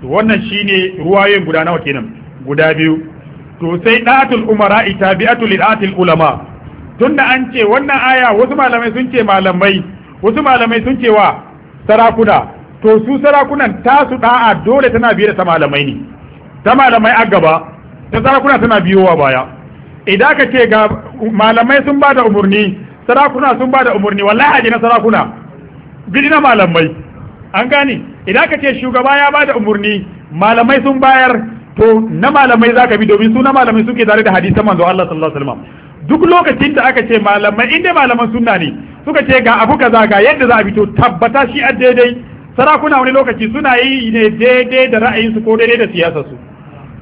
to wannan shine ruwayoyin guda nawa kenan guda biyu to sai da'atul umara itabiatu lil ulama tunda an ce wannan aya wasu malamai sun ce malamai wasu malamai sun ce wa sarakuna to su sarakunan tasu da'a dole tana biye da ta malamai ne ta malamai a gaba ta sarakuna tana biyowa baya idan ka ce ga malamai sun ba da sarakuna sun bada umarni wallahi aje na sarakuna bidi na malamai an gane idan ka ce shugaba ya bada umarni malamai sun bayar to na malamai zaka bi domin su na malamai suke tare da hadisan manzo Allah sallallahu alaihi wasallam duk lokacin da aka ce malamai inda malaman sunna ne suka ce ga abu kaza ga yadda za a fito tabbata shi a daidai sarakuna wani lokaci suna yi ne daidai da ra'ayin su ko daidai da su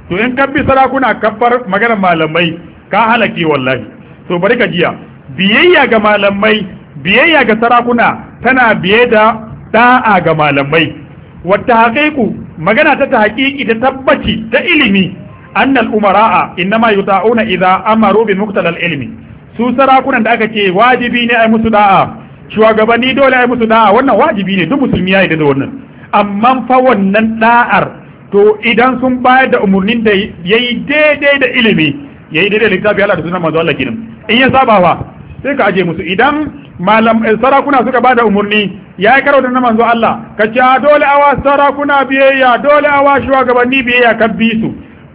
to in kabbi sarakuna kabbar maganar malamai ka halake wallahi to bari ka jiya biyayya ga malamai biyayya ga sarakuna tana biye da da'a ga malamai wata haƙiƙu magana ta ta haƙiƙi ta tabbaci ta ilimi annal umara'a innama yuta'una idza amaru bi muktalar ilimi. su sarakunan da aka ce wajibi ne yi musu da'a shugabanni dole yi musu da'a wannan wajibi ne duk musulmi ya yi da wannan amma fa wannan da'ar to idan sun bayar da umarnin da yayi daidai da ilimi yi daidai da littafi Allah da sunan manzo Allah kenan in ya saba wa sai ka aje musu idan malam eh, sarakuna suka bada umurni ya yi karo da na manzo Allah ka ce ah, dole awa sarakuna biyayya dole awa shugabanni biyayya kan bi su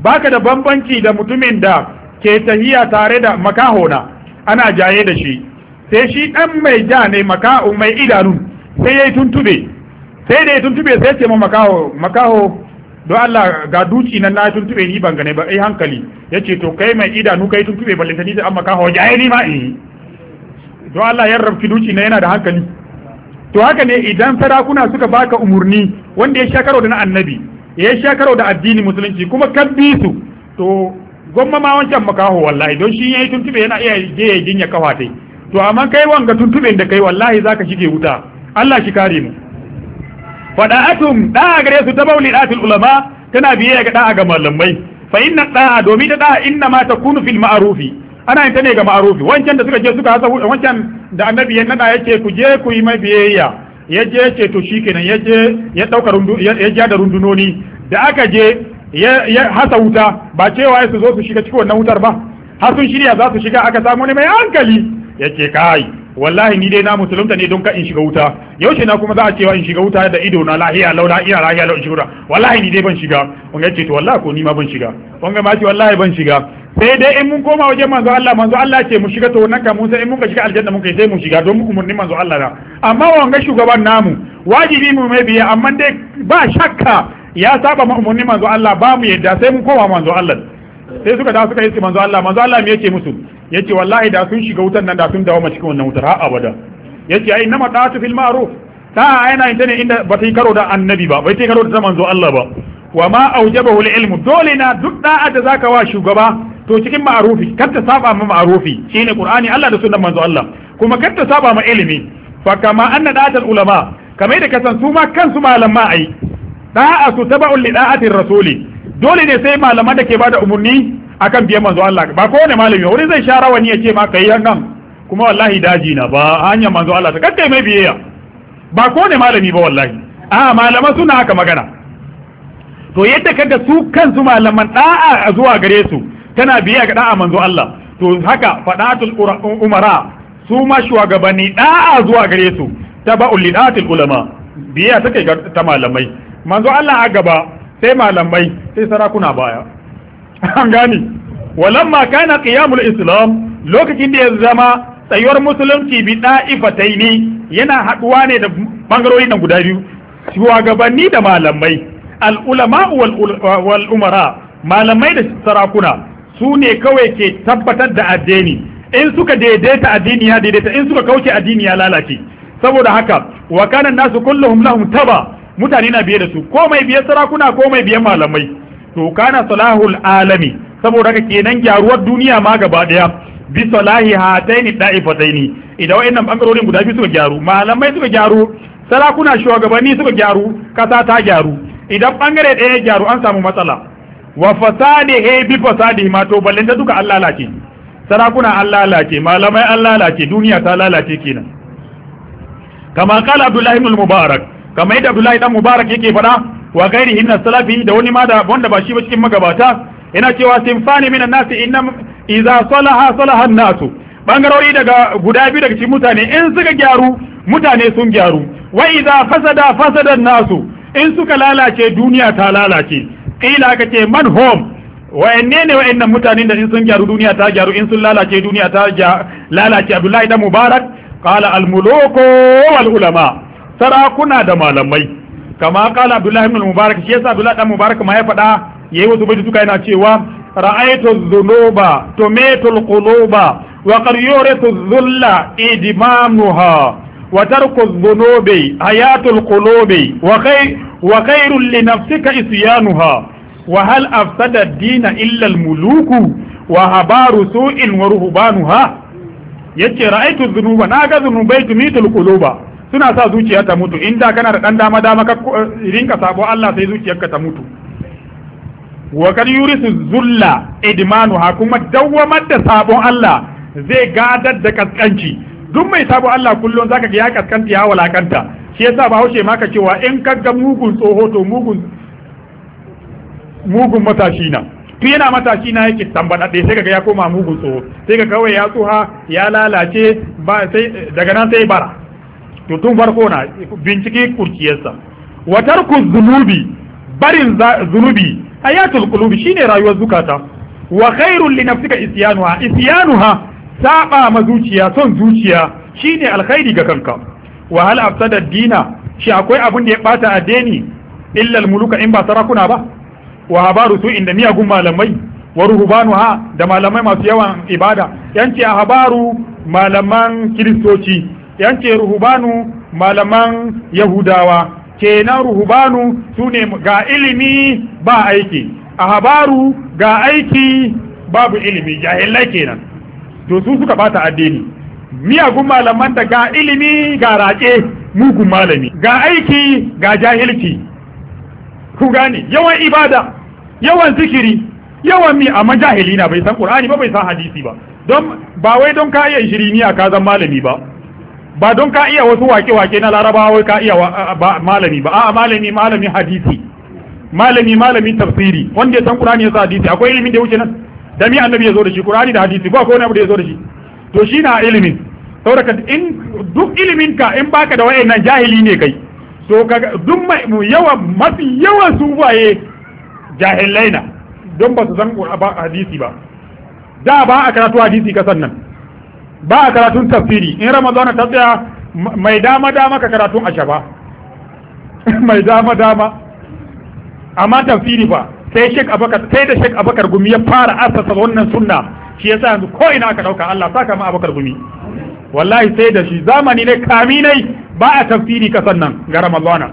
baka da bambanci da mutumin da ke tahiya tare da makahona ana jaye da shi sai shi dan mai ja ne makahu mai idanu sai yayi tuntube sai da ya tuntube sai ce ma makaho makaho don Allah ga duci nan na tuntube ni ban gane ba ai hankali yace to kai mai idanu kai tuntube balle ni da amma ka hoja ni ma eh don Allah ya rabki duci na yana da hankali to haka ne idan sarakuna suka baka umurni wanda ya sha da na annabi ya sha da addini musulunci kuma kan bi su to gwamma ma wancan makaho wallahi don shi yayi tuntube yana iya je ya jinya kafa yi to amma kai wanga tuntube da kai wallahi zaka shige wuta Allah shi kare mu fada'atum da'a gare su ta maulidatul ulama tana biye ga da'a ga malamai fa inna da'a domin ta da'a inna ma takunu fil ma'rufi ana yin ta ne ga ma'arufi wancan da suka je suka hasa wancan da annabi ya nada yake ku je ku yi mai biyayya ya je ce to kenan ya je ya dauka rundu ya ja da rundunoni da aka je ya hasa wuta ba cewa su zo su shiga cikin wannan wutar ba har sun shirya za su shiga aka samu ne mai hankali ce kai wallahi ni dai na musulunta ne don ka in shiga wuta yaushe na kuma za a cewa in shiga wuta da ido na lahiya lau lahiya lahiya lau in shiga wallahi ni dai ban shiga wanga ce to wallahi ko ni ma ban shiga wanga ma ce wallahi ban shiga sai dai in mun koma waje manzo Allah manzo Allah ce mu shiga to wannan ka mun sai in mun ka shiga aljanna mun kai sai mu shiga don mu umurnin manzo Allah na amma wanga shugaban namu wajibi mu mai biya amma dai ba shakka ya saba mu umurnin manzo Allah ba mu yadda sai mun koma manzo Allah sai suka da suka yi manzo Allah manzo Allah me yake musu yace wallahi da sun shiga wutan nan da sun dawo cikin wannan wutar har abada yace ai nama ta'atu fil ma'ruf ta yana ita ne inda ba yi karo da annabi ba bai ta yi karo da manzo Allah ba wa ma aujabahu al ilmu dole na duk da'a da zaka wa shugaba to cikin ma'arufi kar ta saba ma ma'arufi shine qur'ani Allah da sunnar manzo Allah kuma kar ta saba ma ilimi fa kama anna da'atul ulama kamar da kasan su ma kansu malama ai da'a su taba'un li da'atir rasuli dole ne sai malaman da ke bada umurni akan biyan manzo Allah ba ko kowane malami wani zai sha rawani ya ce ma kai nan kuma wallahi daji na ba hanyar manzo Allah ta kakkai mai biyayya ba ko kowane malami ba wallahi a malama suna haka magana to yadda kaga su kansu malaman da'a zuwa gare su tana biya ga da'a manzo Allah to haka fadatul umara su ma shugabanni da'a zuwa gare su taba'ul lidatul ulama biya take ga ta malamai manzo Allah a gaba sai malamai sai sarakuna baya an gani walamma kana qiyamul islam lokacin da ya zama tsayuwar musulunci bi da'ifatai ne yana haduwa ne da bangarori nan guda biyu shugabanni da malamai al'ulama wal umara malamai da sarakuna su ne kawai ke tabbatar da addini in suka daidaita addini ya daidaita in suka kauce addini ya lalace saboda haka wa kana nasu kulluhum lahum taba mutane na biye da su komai biye sarakuna komai biye malamai to kana salahul alami saboda haka kenan gyaruwar duniya ma gaba daya bi salahi hataini daifataini idan wayannan bangarorin guda biyu suka gyaru malamai suka gyaru sarakuna shugabanni suka gyaru kasa ta gyaru idan bangare ɗaya gyaru an samu matsala wa he bi fasadi ma to balle da duka Allah lalace sarakuna Allah lalace malamai Allah lalace duniya ta lalace kenan kama kala Abdullahi ibn Mubarak kama yadda Abdullahi dan Mubarak yake fada wa gairihi inna salafi da wani ma da wanda ba shi ba cikin magabata ina cewa simfani minan nasi inna idza salaha salaha an-nas bangarori daga guda biyu daga cikin mutane in suka gyaru mutane sun gyaru wa idza fasada fasada an-nas in suka lalace duniya ta lalace kila aka ce man home wa'anne ne wa'annan mutanen da in sun gyaru duniya ta gyaru in sun lalace duniya ta lalace abdullahi da mubarak qala al muluku wal ulama sarakuna da malamai kama qala abdullahi ibn mubarak shi yasa abdullahi da mubarak ma ya faɗa yayi wasu bai duka yana cewa ra'aytu dhunuba tumitu al quluba wa qad yuritu dhulla idmamuha wa tarku dhunubi hayatu al qulubi wa khayr wa khairul li nafsika isyanuha wa hal afsada dina illa muluku wa habaru su'in wa ruhbanuha yace ra'aytu dhunuba na ga dhunubai tumitul quluba suna sa zuciya ta mutu in da kana da dan dama dama ka eh, rinka sabo Allah sai zuciyarka ta mutu wa kad yurisu zulla idmanuha kuma dawwamar da sabon Allah zai gadar da kaskanci duk mai sabon Allah kullum zaka ga ya kaskanta ya walakanta shi yasa ba ma ka cewa in ka ga mugun tsoho to mugun mugun matashi na tun yana matashi na yake tambaɗaɗe sai kaga ya koma mugun tsoho sai ka kawai ya tsoha ya lalace daga nan sai bara to tun farko na bincike kurciyarsa wa tarku zunubi barin zunubi ayatul qulubi shine rayuwar zukata wa khairul li nafsika isyanuha isyanuha saba ma zuciya son zuciya shine alkhairi ga kanka wa hal afsada dina shi akwai abin da ya bata addini illa almuluka in ba sarakuna ba wa habaru su inda miyagun malamai wa ha da malamai masu yawan ibada yance a habaru malaman kiristoci yance ruhubanu malaman yahudawa kenan ruhubanu su ne ga ilimi ba aiki a habaru ga aiki babu ilimi jahilai kenan to su suka bata addini miyagun malaman da ga ilimi ga rake mugun malami ga aiki ga jahilci ku gane yawan ibada yawan zikiri yawan mi amma jahili na bai san qur'ani ba bai san hadisi ba don ba wai don ka iya shiriniya ka zan malami ba ba don ka iya wasu wake-wake na larabawa wai ka iya malami ba a malami malami hadisi malami malami tafsiri wanda ya san qur'ani ya san hadisi akwai ilimin da wuce nan da mi annabi ya zo da shi qur'ani da hadisi ko akwai wani abu da ya zo da shi to shi na ilimin saboda in duk ilimin ka in baka da wayannan jahili ne kai so kaga duk mai yawan mafi yawan waye jahilai na don ba su san hadisi ba da ba a karatu hadisi kasan nan ba a karatun tafsiri in ramadana ta tsaya mai dama dama ka karatu ashaba mai dama dama amma tafsiri ba sai shek abakar sai da shek abakar gumi ya fara asasa wannan sunna shi yasa yanzu ko ina aka dauka Allah saka ma abakar gumi wallahi sai da shi zamani ne kaminai ba a tafsiri kasan nan ga ramadana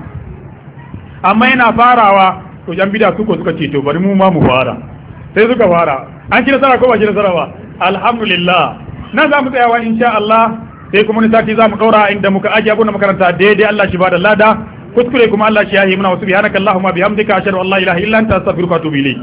amma yana farawa to yan bida suko suka ce to bari mu ma mu fara sai suka fara an ci nasara ko ba ci nasara ba alhamdulillah nan za mu tsayawa insha Allah sai kuma ni sati za mu kaura inda muka aje abun makaranta daidai Allah shi bada lada kuskure kuma Allah shi yahi muna wasu bihanaka allahumma bihamdika ashhadu an la ilaha illa anta astaghfiruka wa atubu ilayk